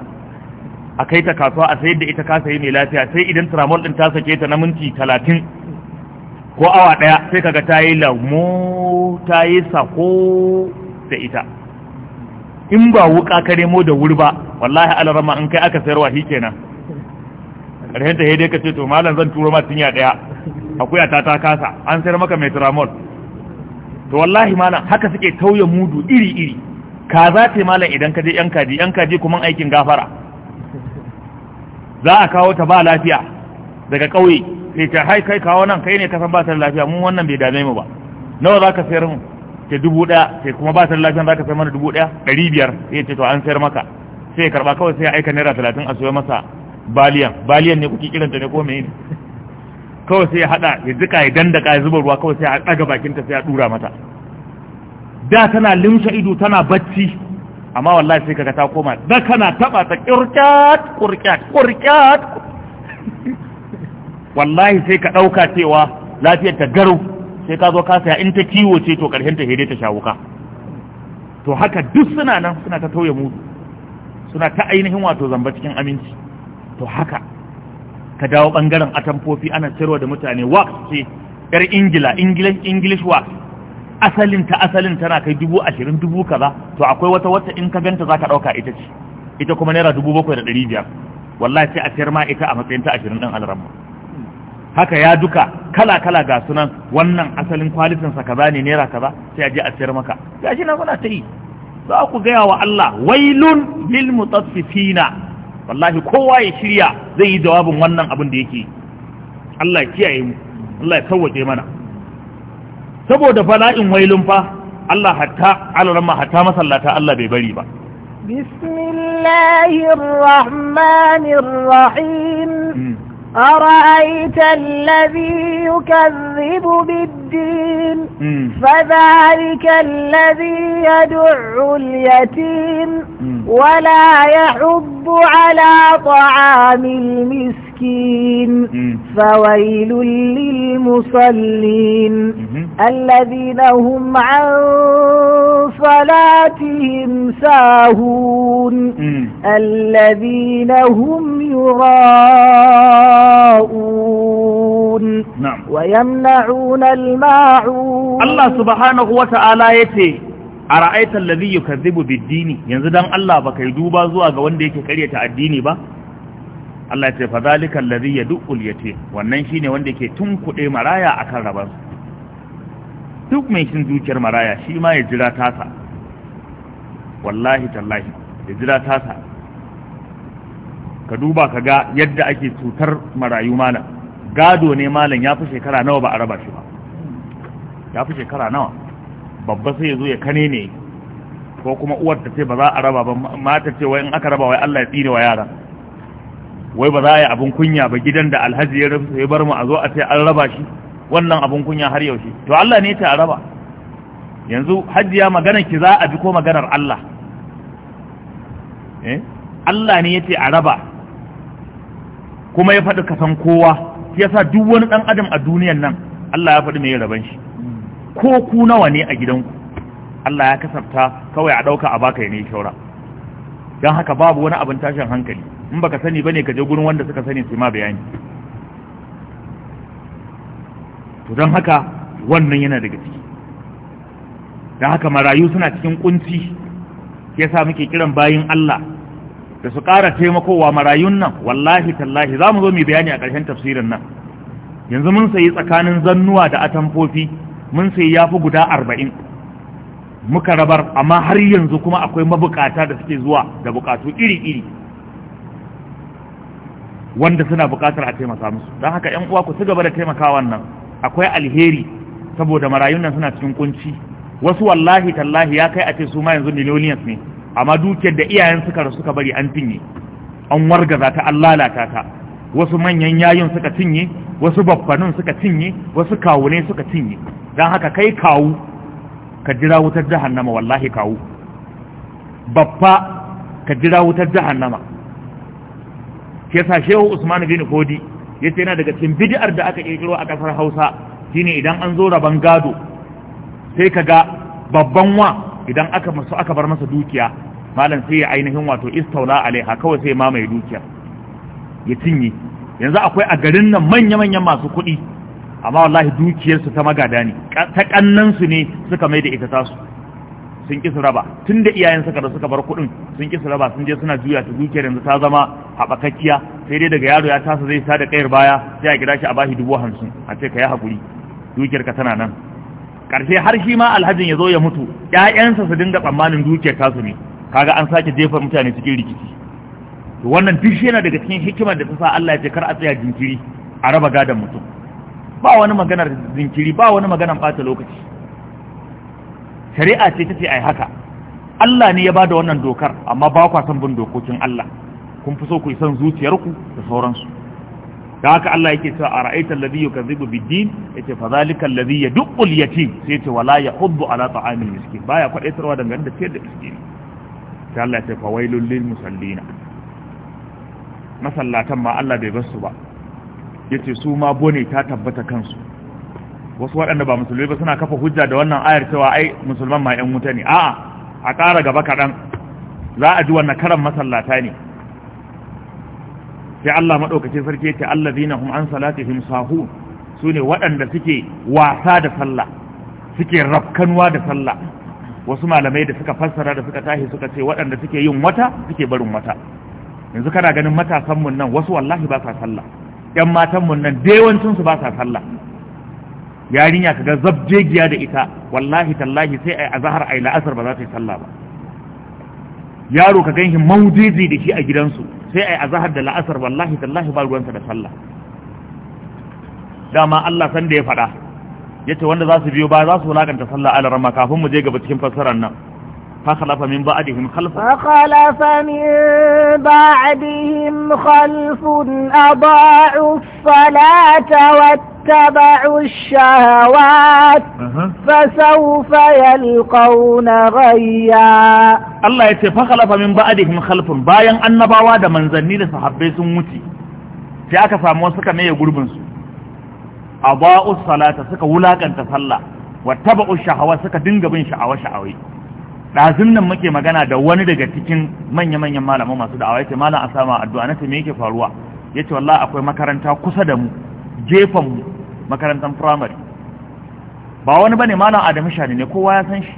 a kai ta kasuwa a sayar da ita ka sayi mai lafiya sai idan tiramol din ta sake ta na minti talatin ko awa daya sai kaga ta yi lamo ta yi sako da ita in ba wuka ka nemo da wuri ba wallahi alarama in kai aka sayarwa shi kenan ƙarshen ta dai ka ce to malam zan turo ma tinya daya akuya ta ta kasa an sayar maka mai tiramol to wallahi malam haka suke tauye mudu iri iri ka za ta malam idan ka je yan kaji yan kaji kuma aikin gafara za a kawo ta ba lafiya daga ƙauye sai ta hai kawo nan kai ne kasan ba ta lafiya mun wannan bai dame mu ba nawa za ka sayar mu ta dubu ɗaya sai kuma ba ta lafiya za ka sayar mana dubu ɗaya ɗari biyar sai ce to an sayar maka sai karɓa kawai sai aika naira talatin a soya masa baliyan baliyan ne kuke kiranta ne ko me ne kawai sai ya haɗa ya jika ya dandaka ya zuba ruwa kawai sai ya ɗaga bakinta sai ya ɗura mata da tana limsha ido tana bacci amma wallahi sai kaga ta koma da kana taba ta kirkat kirkat kirkat wallahi sai ka dauka cewa lafiyar ta garu sai ka zo ka saya in ta kiwo ce to karshen ta hede ta shawuka to haka duk suna nan suna ta tauye mudu suna ta ainihin wato zamba cikin aminci to haka ka dawo bangaren atamfofi ana sayarwa da mutane wax ce yar ingila english english wax asalin ta asalin tana kai dubu ashirin dubu kaza to akwai wata wata in ka ganta za ka ɗauka ita ce ita kuma naira dubu bakwai da ɗari biyar wallahi sai a sayar ma ita a matsayin ta ashirin ɗin alramma haka ya duka kala kala ga sunan wannan asalin kwalitin sa kaza ne naira kaza sai a je a sayar maka shi na kuna ta yi za ku gaya wa Allah wailun lil mutaffifina wallahi kowa ya shirya zai yi jawabin wannan abin da yake Allah ya kiyaye mu Allah ya sauwaje mana saboda fala'in wailun fa Allah hatta alarama hatta masallata Allah bai bari ba bismillahir rahmanir rahim أرأيت الذي يكذب بالدين فذلك الذي يدع اليتيم ولا يحب على طعام المسكين مسكين فويل للمصلين الذين هم عن صلاتهم ساهون الذين هم يراءون نعم ويمنعون الماعون الله سبحانه وتعالى يتي a ra'aitar lazi yukazzibu biddini yanzu dan Allah baka yi duba zuwa ga wanda yake karyata addini ba Allah ce fa zalika allazi yad'ul yatim wannan shine wanda yake tunkuɗe maraya akan rabar duk mai cin zuciyar maraya shi ma ya jira tasa wallahi tallahi ya jira tasa ka duba ka ga yadda ake cutar marayu malam gado ne malam ya fi shekara nawa ba a raba shi ba ya fi shekara nawa babba sai ya zo ya kane ne ko kuma uwar ta ce ba za a raba ba mata ce wai in aka raba wai Allah ya tsine wa yaran wai ba za a yi abin kunya ba gidan da alhaji ya rufe ya bar mu a zo a ce an raba shi wannan abin kunya har yaushe to Allah ne ta raba yanzu hajjiya magana ki za a bi ko maganar Allah eh Allah ne yace a raba kuma ya faɗi kasan kowa yasa duk wani dan adam a duniyar nan Allah ya faɗi mai raban shi ko ku nawa ne a gidanku Allah ya kasafta kawai a ɗauka a baka ya ne shaura don haka babu wani abin tashin hankali in baka sani bane ka je gurin wanda suka sani su ma bayani to don haka wannan yana daga ciki don haka marayu suna cikin kunci ya sa muke kiran bayin Allah da su ƙara taimakowa marayun nan wallahi tallahi za mu zo mai bayani a ƙarshen tafsirin nan yanzu mun sayi tsakanin zannuwa da atamfofi mun sayi ya fi guda arba'in muka rabar amma har yanzu kuma akwai mabukata da suke zuwa da bukatu iri-iri wanda suna buƙatar a taimaka musu don haka 'yan uwa ku ci gaba da taimakawa nan akwai alheri saboda marayun nan suna cikin kunci wasu wallahi tallahi ya kai a ce su ma yanzu millionaires ne amma dukiyar da iyayen suka rasu suka bari an cinye, an wargaza ta an lalata ta wasu manyan yayin suka cinye wasu babbanin suka cinye wasu ne suka cinye don haka kai kawu ka jira wutar jahannama wallahi kawu babba ka jira wutar jahannama ke yasa shehu usman bin kodi yace yana daga cikin bid'ar da aka kirkiro a kasar hausa shine idan an zo raban gado sai ka ga babban wa idan aka masu aka bar masa dukiya malam sai ya ainihin wato istaula alaiha kawai sai ma mai dukiya ya cinye yanzu akwai a garin nan manya-manyan masu kuɗi amma wallahi dukiyarsu ta magada ne ta kannansu ne suka mai da ita tasu sun ƙi su raba tun da iyayen suka da suka bar kuɗin sun ƙi su raba sun je suna juya ta dukiyar yanzu ta zama haɓakakkiya sai dai daga yaro ya tasa zai da ƙayar baya sai a gida shi a bashi dubu hamsin a ce ka yi haƙuri dukiyar ka tana nan ƙarshe har shi ma alhajin ya zo ya mutu ƴaƴansa su dinga tsammanin dukiyar tasu ne kaga an sake jefa mutane cikin rikici to wannan duk yana daga cikin hikimar da ta sa Allah ya ce kar a tsaya jinkiri a raba gadon mutum ba wani maganar jinkiri ba wani maganar ɓata lokaci shari'a ce tace ai haka Allah ne ya bada wannan dokar amma ba kwa san bin dokokin Allah kun fi so ku san zuciyarku da sauransu da haka Allah yake cewa a ra'aitar ladhi yukazzibu bid-din yace fa zalika alladhi yad'u yatim sai yace wala yahuddu ala ta'amil miskin baya kwadaitarwa dangane da ciyar da miskini sai Allah ya ce fa wailul lil musallina masallatan ma Allah bai bar su ba yace su ma bone ta tabbata kansu wasu waɗanda ba musulmi ba suna kafa hujja da wannan ayar cewa ai musulman ma ƴan wuta ne a'a a ƙara gaba kaɗan za a ji wannan karan masallata ne sai Allah maɗaukacin sarki ce allazina hum an salatihim sahun su ne waɗanda suke wasa da sallah suke rafkanwa da sallah wasu malamai da suka fassara da suka tashi suka ce waɗanda suke yin wata suke barin wata yanzu kana ganin matasanmu nan wasu wallahi ba sa sallah ƴan matanmu nan da ba sa sallah yarinya kaga zabjegiya da ita wallahi tallahi sai ai azhar ai la'asar ba za ta yi sallah ba yaro ka ganshi maujeji da shi a gidansu sai ai azhar da la'asar wallahi tallahi ba ruwansa da sallah dama Allah san da ya fada yace wanda za su biyo ba za su wulakanta sallah ala rama kafin mu je gaba cikin fassarar nan فخلف من بعدهم خلف فخلف من بعدهم خلف أضاعوا الصلاة والتقوى واتبعوا الشهوات فسوف يلقون غيا الله يتي فخلف من بعدهم خلف باين annabawa da manzanni da صحابه sun wuce sai aka samu suka maye gurbin su aba'u salata suka wulakanta sallah taba'u shahawa suka dinga bin sha'awa sha'awai dazun nan muke magana da wani daga cikin manya-manyan malamu masu da'awa yace malam asama addu'a nace me yake faruwa yace wallahi akwai makaranta kusa da mu jefan mu makarantar firamare ba wani bane malam adamu shani ne kowa ya san shi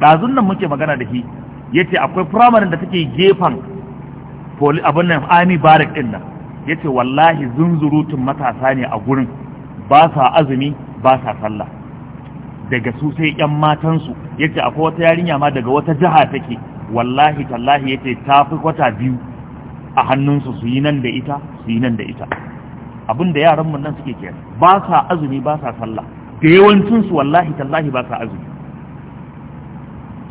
ɗazun nan muke magana da shi ya ce akwai firamare da take gefen abin nan army barrack din nan ya ce wallahi zunzurutun matasa ne a gurin ba sa azumi ba sa sallah daga su sai yan matansu ya ce akwai wata yarinya ma daga wata jiha take wallahi tallahi ya ce ta fi kwata biyu a hannunsu su yi nan da ita su yi nan da ita abin da yaran mun nan suke kiyar ba sa azumi ba sa sallah da yawancin su wallahi tallahi ba sa azumi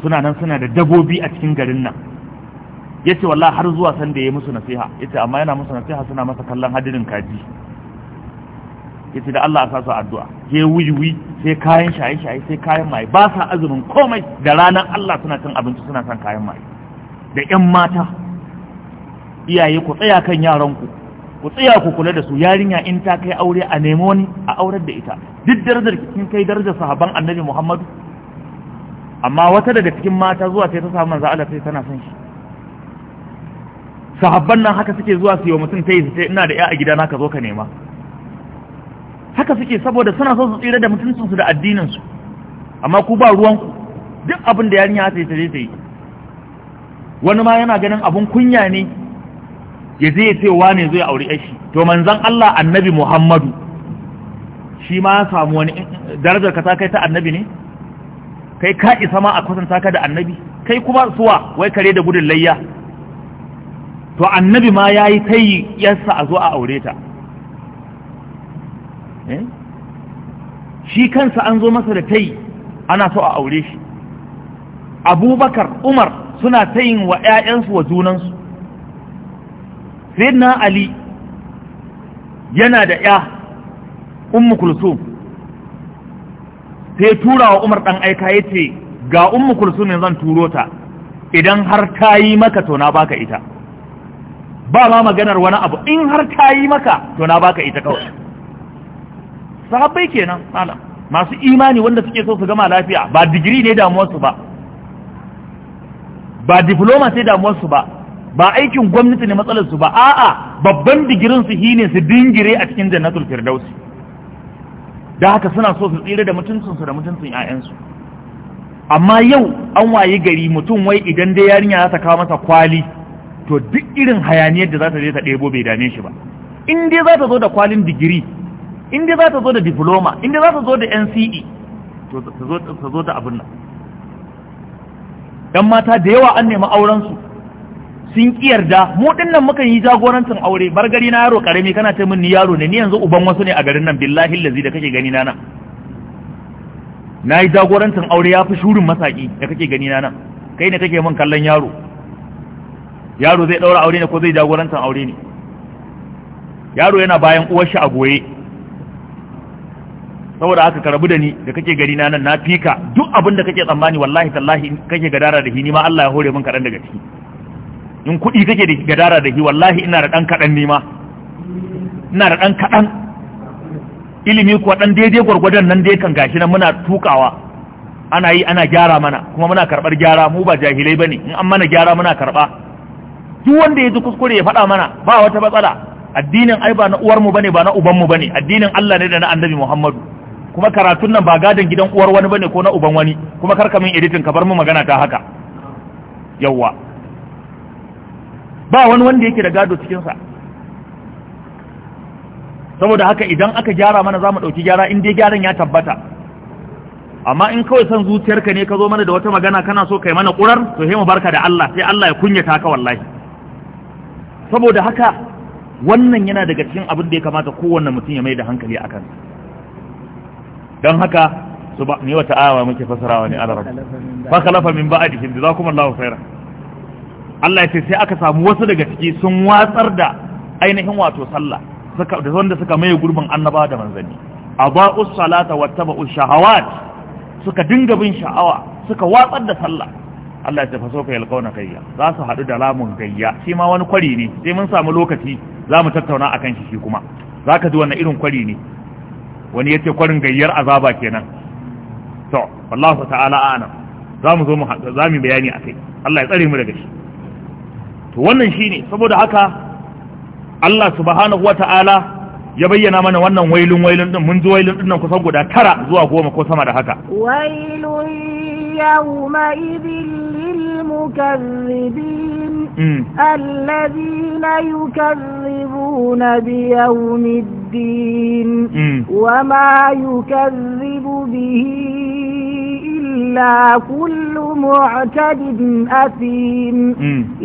suna nan suna da dabobi a cikin garin nan yace wallahi har zuwa san da yayi musu nasiha yace amma yana musu nasiha suna masa kallon hadirin kaji yace da Allah a sa su addu'a ke wuyi sai kayan shaye shaye sai kayan mai ba sa azumin komai da ranar Allah suna cin abinci suna san kayan mai da ƴan mata iyaye ku tsaya kan yaranku ku tsaya ku kula da su yarinya in ta kai aure a nemi wani a aurar da ita duk darajar kin kai darajar sahabban annabi Muhammadu amma wata daga cikin mata zuwa sai ta samu manzo Allah sai tana son shi sahabban nan haka suke zuwa su yi wa mutum ta yi sai ina da ya a gida na ka zo ka nema haka suke saboda suna son su tsira da su da addininsu amma ku ba ku duk abin da yarinya ta yi ta je ta yi wani ma yana ganin abun kunya ne ya je ya ce wane zai aure shi to manzon Allah annabi Muhammadu shi ma ya samu wani darajar ka ta kai ta annabi ne kai ka isa ma a kwatanta ka da annabi kai kuma suwa wai kare da gudun layya to annabi ma yayi yi yarsa a zo a aure ta eh? shi kansa an zo masa da tayi ana so a aure shi abubakar umar suna tayin wa 'ya'yansu wa junansu sayyidina ali yana da ya ummu kulsum sai tura wa umar dan aika yace ga ummu kulsum ne zan turo ta idan har ta yi maka to na baka ita ba ma maganar wani abu in har ta yi maka to na baka ita kawai sahabbai kenan malam masu imani wanda suke so su gama lafiya ba digiri ne damuwarsu ba ba diploma sai damuwarsu ba ba aikin gwamnati ne matsalar su ba a'a babban digirin su ne su dingire a cikin jannatul firdaus da haka suna so su tsira da mutuncin su da mutuncin ƴaƴan su amma yau an wayi gari mutum wai idan dai yarinya za ta kawo masa kwali to duk irin hayaniyar da za ta je ta ɗebo bai dame shi ba in dai za ta zo da kwalin digiri in dai za ta zo da diploma in dai za ta zo da NCE to ta zo ta abin nan dan mata da yawa an nemi auren su sun yarda mu dinnan muka yi jagorancin aure bar gari na yaro karami kana ta min ni yaro ne ni yanzu uban wasu ne a garin nan billahi lazi da kake gani na nan na yi jagorancin aure ya fi shurin masaki da kake gani na nan kai ne kake min kallon yaro yaro zai daura aure ne ko zai jagorancin aure ne yaro yana bayan uwar shi a goye saboda haka karabu da ni da kake gani na nan na fika duk abin da kake tsammani wallahi tallahi kake gadara da hini ma Allah ya hore min kaɗan daga ciki in kuɗi kake da gadara da shi wallahi ina da ɗan kaɗan nima ina da ɗan kaɗan ilimi kuwa ɗan daidai gwargwadon nan dai kan gashi nan muna tukawa ana yi ana gyara mana kuma muna karɓar gyara mu ba jahilai ba ne, in an mana gyara muna karɓa duk wanda ya ji kuskure ya faɗa mana ba wata matsala addinin ai ba na uwarmu bane ba na ubanmu bane addinin Allah ne da na annabi Muhammadu kuma karatun nan ba gadon gidan uwar wani bane ko na uban wani kuma karkamin editin ka bar mu magana ta haka yawwa ba wani wanda yake da gado cikinsa saboda haka idan aka gyara mana za mu ɗauki gyara in dai gyaran ya tabbata amma in kawai son zuciyarka ne ka zo mana da wata magana kana so kai mana kurar, to mu barka da Allah sai Allah ya kunyata ka wallahi saboda haka wannan yana daga cikin abin da ya kamata kowanne mutum ya mai da hankali a kansa don haka su ba ni wata muke fasarawa ne alarab fa khalafa min ba'dihim jazakumullahu khairan Allah ya ce sai aka samu wasu daga ciki sun watsar da ainihin wato sallah suka da wanda suka maye gurbin annabawa da manzanni aba'us salata wattaba'us shahawat suka dinga bin sha'awa suka watsar da sallah Allah ya ce faso kai alƙauna za su haɗu da lamun gayya shi ma wani kwari ne sai mun samu lokaci za mu tattauna akan shi shi kuma za ka ji wannan irin kwari ne wani ya ce kwarin gayyar azaba kenan to wallahu ta'ala a'lam za mu zo mu za bayani akai Allah ya tsare mu daga shi to wannan shine saboda haka Allah subhanahu wata'ala ya bayyana mana wannan wailun wailun din mun ji wailun din nan kusan guda tara zuwa goma ko sama da haka wailun yawma idhil للمكذبين الذين يكذبون بيوم الدين وما يكذب به إلا كل معتد أثيم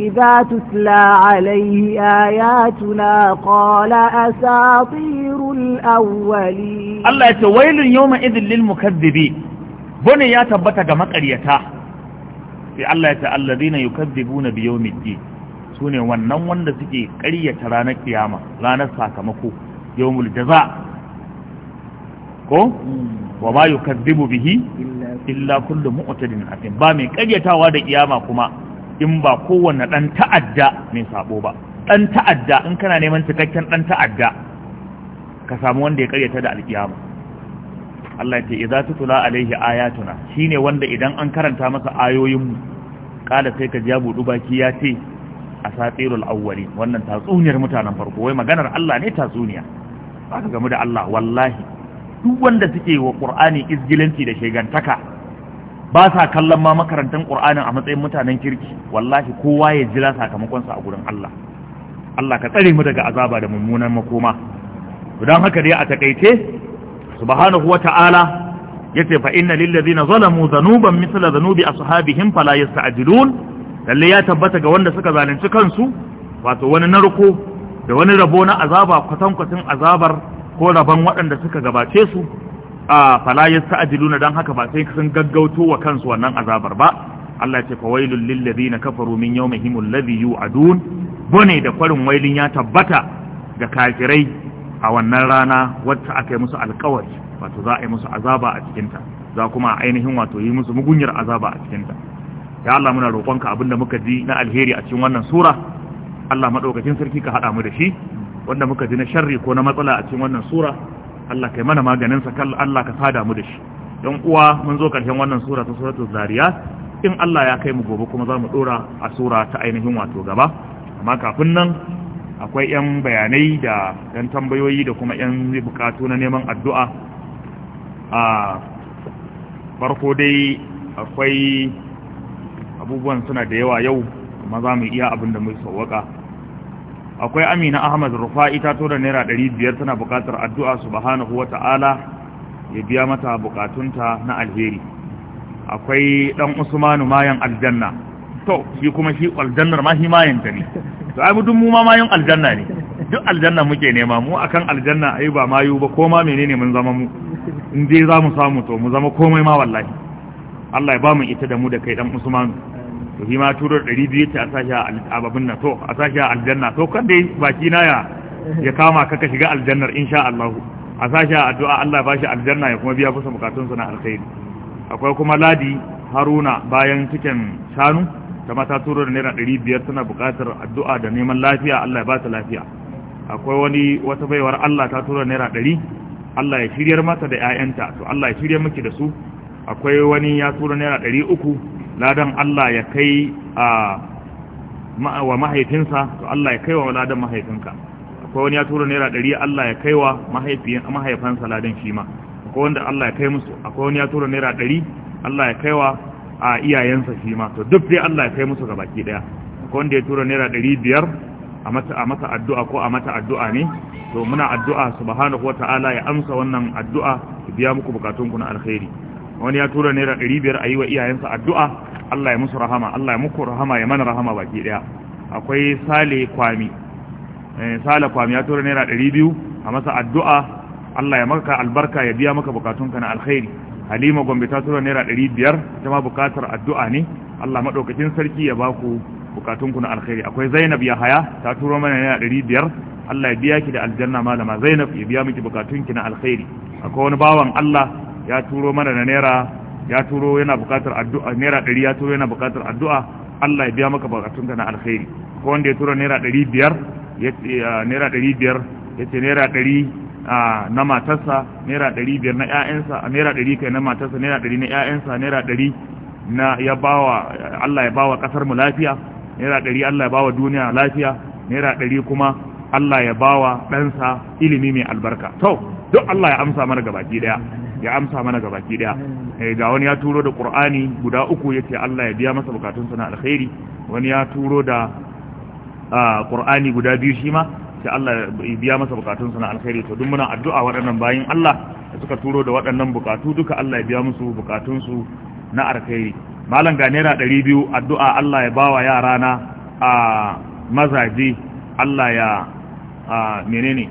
إذا تتلى عليه آياتنا قال أساطير الأولين الله يتويل يومئذ للمكذبين بني يا تبتك مقريتا في الله يتأل الذين يكذبون بيوم الدين su ne wannan wanda suke ƙaryata ranar kiyama ranar sakamako yawmul jaza ko wa ma yukazzibu bihi illa kullum mu'tadin asim ba mai karyatawa da kiyama kuma in ba kowanne dan ta'adda mai sabo ba dan ta'adda in kana neman cikakken dan ta'adda ka samu wanda ya karyata da alkiyama Allah ce idza tutula alaihi ayatuna shine wanda idan an karanta masa ayoyin mu kai sai ka jabu budu baki ya ce asatirul awwali wannan tatsuniyar mutanen farko wai maganar Allah ne tatsuniya ba ka gamu da Allah wallahi duk wanda suke wa Qur'ani izgilanci da shegantaka ba sa kallon ma makarantar ƙur'anin a matsayin mutanen kirki wallahi kowa ya jira sakamakonsa a gurin Allah Allah ka tsare mu daga azaba da mummunan makoma don haka dai a takaice subhanahu wa ta'ala yace fa inna lil ladina zalamu dhanuban mithla dhanubi ashabihim fala yasta'jilun lalle ya tabbata ga wanda suka zalunci kansu wato wani narko da wani rabo na azaba kwatankwatin azabar ko rabon waɗanda suka gabace su a fala yasta'jiluna dan haka ba sai sun gaggauto wa kansu wannan azabar ba Allah ce fa wailul lil ladina kafaru min yawmihim alladhi yu'adun bone da kwarin wailin ya tabbata ga kafirai a wannan rana wacce aka yi musu alkawari wato za a yi musu azaba a cikinta za kuma ainihin wato yi musu mugunyar azaba a cikinta ya Allah muna roƙonka abinda muka ji na alheri a cikin wannan sura Allah madaukakin sarki ka hada mu da shi wanda muka ji na sharri ko na matsala a cikin wannan sura Allah kai mana maganin sa Allah ka sada mu da shi dan uwa mun zo karshen wannan sura ta zariya, zariyat in Allah ya kai mu gobe kuma za mu dora a sura ta ainihin wato gaba amma kafin nan akwai yan bayanai da yan tambayoyi da kuma yan bukatu na neman addu'a a farko dai akwai abubuwan suna da yawa yau amma za mu iya abin da mai sauwaka akwai amina ahmad rufa'i ta tura naira biyar tana buƙatar addu'a subhanahu ta'ala ya biya mata buƙatunta na alheri akwai dan usmanu mayan aljanna to shi kuma shi aljannar ma shi mayan ta ne to ai duk mu ma mayan aljanna ne duk aljanna muke nema mu akan aljanna ai ba mayu ba ko ma menene mun zama mu in dai za mu samu to mu zama komai ma wallahi Allah ya ba mu ita da mu da kai dan usmanu to shi ma turar biyu ce a sashi a babin na to a sashi a aljanna to kan dai baki na ya kama ka ka shiga aljannar sha Allah a sashi a addu'a Allah ba shi aljanna ya kuma biya kusa bukatunsa na alkhairi akwai kuma ladi haruna bayan cikin shanu ta mata turar naira ɗari biyar tana bukatar addu'a da neman lafiya Allah ya ba ta lafiya akwai wani wata baiwar Allah ta tura naira ɗari Allah ya shiryar mata da 'ya'yanta to Allah ya shirya miki da su akwai wani ya tura naira ɗari uku ladan Allah ya kai wa mahaifinsa to Allah ya kai wa ladan mahaifinka akwai wani ya tura naira ɗari Allah ya kai wa mahaifansa ladan shi ma akwai wanda Allah ya kai musu akwai wani ya tura naira ɗari Allah ya kai wa a iyayensa shi ma to duk dai Allah ya kai musu gabaki ɗaya akwai wanda ya tura naira ɗari biyar a mata addu'a ko a mata addu'a ne to muna addu'a subhanahu wa ta'ala ya amsa wannan addu'a biya muku bukatunku na alkhairi wani ya tura naira ɗari biyar a yi wa iyayensa addu'a Allah ya musu rahama Allah ya muku rahama ya mana rahama baki ɗaya akwai sale kwami eh, sale kwami ya tura naira ɗari biyu a masa addu'a Allah ya maka albarka ya biya maka bukatunka na alkhairi halima gombe ta tura naira ɗari biyar ita ma bukatar addu'a ne Allah maɗaukakin sarki ya ba ku bukatunku na alkhairi akwai zainab ya haya ta tura mana naira ɗari biyar Allah ya biya ki da aljanna malama zainab ya biya miki bukatunki na alkhairi akwai wani bawan Allah ya turo mana da naira ya turo yana bukatar addu'a naira ɗari ya turo yana bukatar addu'a Allah ya biya maka bukatunka na alkhairi ko wanda ya turo naira 500 ya naira ya ce naira ɗari na matarsa naira biyar na ƴaƴansa naira ɗari kai na matarsa naira ɗari na ƴaƴansa naira ɗari na ya bawa Allah ya bawa kasar mu lafiya naira ɗari Allah ya bawa duniya lafiya naira ɗari kuma Allah ya bawa ɗansa ilimi mai albarka to duk Allah ya amsa mana gabaki daya ya amsa mana ga baki daya eh, ga wani ya turo da qur'ani guda uku yace Allah ya biya masa bukatunsa na alkhairi wani ya turo da qur'ani guda biyu shi ma sai Allah ya biya masa bukatunsa na alkhairi to duk muna addu'a waɗannan bayin Allah da suka turo da waɗannan bukatu duka Allah ya biya musu bukatunsu na alkhairi malam ga naira 200 addu'a Allah ya bawa yara na a mazaje Allah ya menene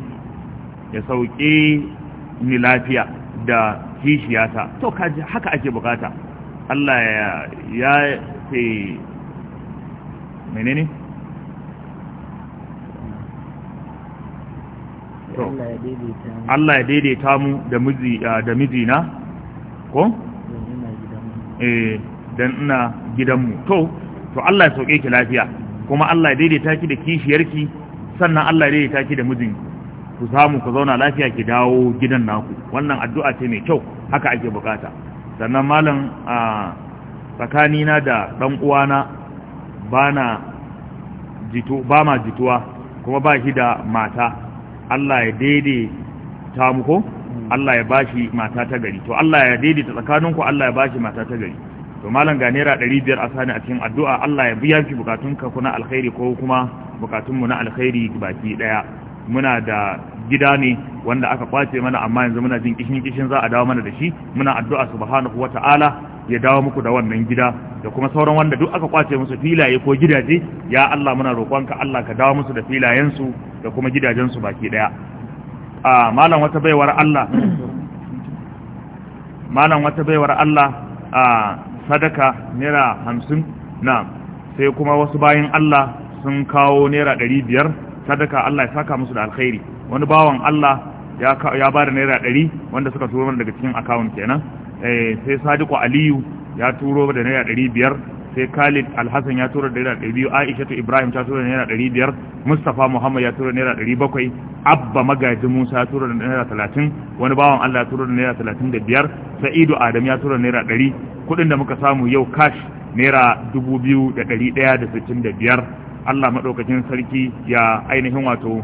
ya sauke ni lafiya da kishiyata to kaji haka ake bukata Allah ya ya ce menene Allah ya daidaita mu da miji da mijina ko eh dan ina gidanmu to to Allah ya sauke ki lafiya kuma Allah ya daidaita ki da kishiyarki sannan Allah ya daidaita ki da mijinki ku samu ku zauna lafiya ki dawo gidan naku wannan addu'a ce mai kyau haka ake bukata sannan malam a tsakanina da ɗan uwana bana jitu ba ma jituwa kuma ba shi da mata Allah ya daidaita mu ko Allah ya bashi mata ta gari to Allah ya daidaita tsakaninku Allah ya bashi mata ta gari to malam ga naira 500 a sani a cikin addu'a Allah ya biya ki bukatunka kuna alkhairi ko kuma bukatunmu na alkhairi baki daya muna da gida ne wanda aka kwace mana amma yanzu muna jin kishin kishin za a dawo mana da shi muna addu'a subhanahu ta'ala ya dawo muku da wannan gida da kuma sauran wanda duk aka kwace musu filaye ko gidaje ya Allah muna roƙonka Allah ka dawo musu da filayensu da kuma gidajensu baki daya a malam wata baiwar Allah malam wata baiwar Allah a sadaka naira 50 na sai kuma wasu bayin Allah sun kawo naira 500 sadaka Allah ya saka musu da alkhairi wani bawan Allah ya ya bada naira dari wanda suka turo mana daga cikin account kenan eh sai Sadiku Aliyu ya turo da naira biyar sai Khalid Alhassan ya turo da naira biyu Aisha Ibrahim ta turo da naira biyar Mustafa Muhammad ya turo da naira bakwai Abba Magaji Musa ya turo da naira talatin wani bawan Allah ya turo da naira talatin da biyar Sa'idu Adam ya turo da naira dari kudin da muka samu yau cash naira dubu biyu da da da sittin biyar. Allah maɗaukacin sarki ya ainihin wato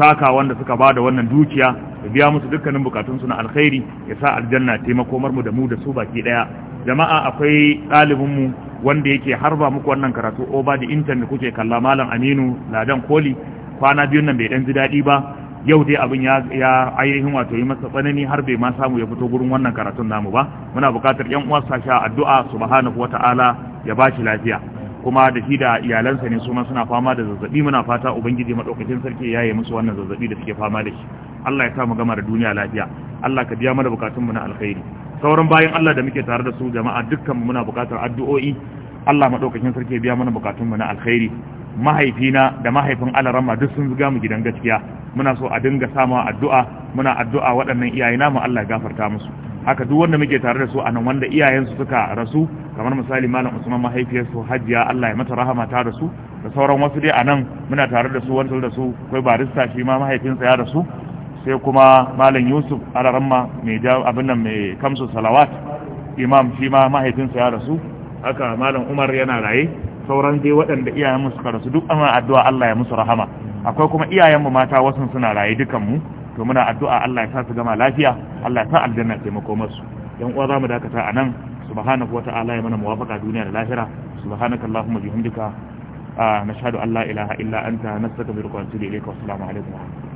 saka wanda suka ba da wannan dukiya ya biya musu dukkanin bukatunsu na alkhairi ya sa aljanna taimako marmu da mu da su baki ɗaya jama'a akwai ɗalibinmu wanda yake harba muku wannan karatu over the internet kuke kalla malam Aminu Ladan Koli kwana biyun nan bai dan ji daɗi ba yau dai abin ya ainihin wato yi masa tsanani har bai ma samu ya fito gurin wannan karatun namu ba muna buƙatar yan uwa sha addu'a subhanahu wata'ala ya ba shi lafiya kuma da shi da iyalansa ne su suna fama da zazzabi muna fata ubangiji madaukakin sarki ya yi musu wannan zazzabi da suke fama da shi Allah ya sa mu gama da duniya lafiya Allah ka biya mana bukatun mu na alkhairi sauran bayan Allah da muke tare da su jama'a dukkan muna bukatar addu'o'i Allah madaukakin sarki ya biya mana bukatun mu na alkhairi mahaifina da mahaifin alarama duk sun zuga mu gidan gaskiya muna so a dinga sama addu'a muna addu'a waɗannan iyayena mu Allah ya gafarta musu haka duk wanda muke tare da su a nan wanda iyayensu suka rasu kamar misali malam usman su hajiya Allah ya mata rahama ta rasu da sauran wasu dai a nan muna tare da su wanda da su kai barista shi ma mahaifinsa ya rasu sai kuma malam yusuf rama mai ja abin nan mai kamsu salawat imam shi ma mahaifinsa ya rasu haka malam umar yana raye sauran dai waɗanda mu suka rasu duk ana addu'a Allah ya musu rahama akwai kuma iyayen mu mata wasu suna raye mu to muna addu'a Allah ya sa su gama lafiya Allah ya sa aljanna taimako masu yan uwa zamu dakata anan subhanahu wata'ala ya mana muwafaqa duniya da lahira subhanaka allahumma bihamdika ah, nashhadu an la ilaha illa anta nastaghfiruka wa atubu ilayka wa assalamu alaikum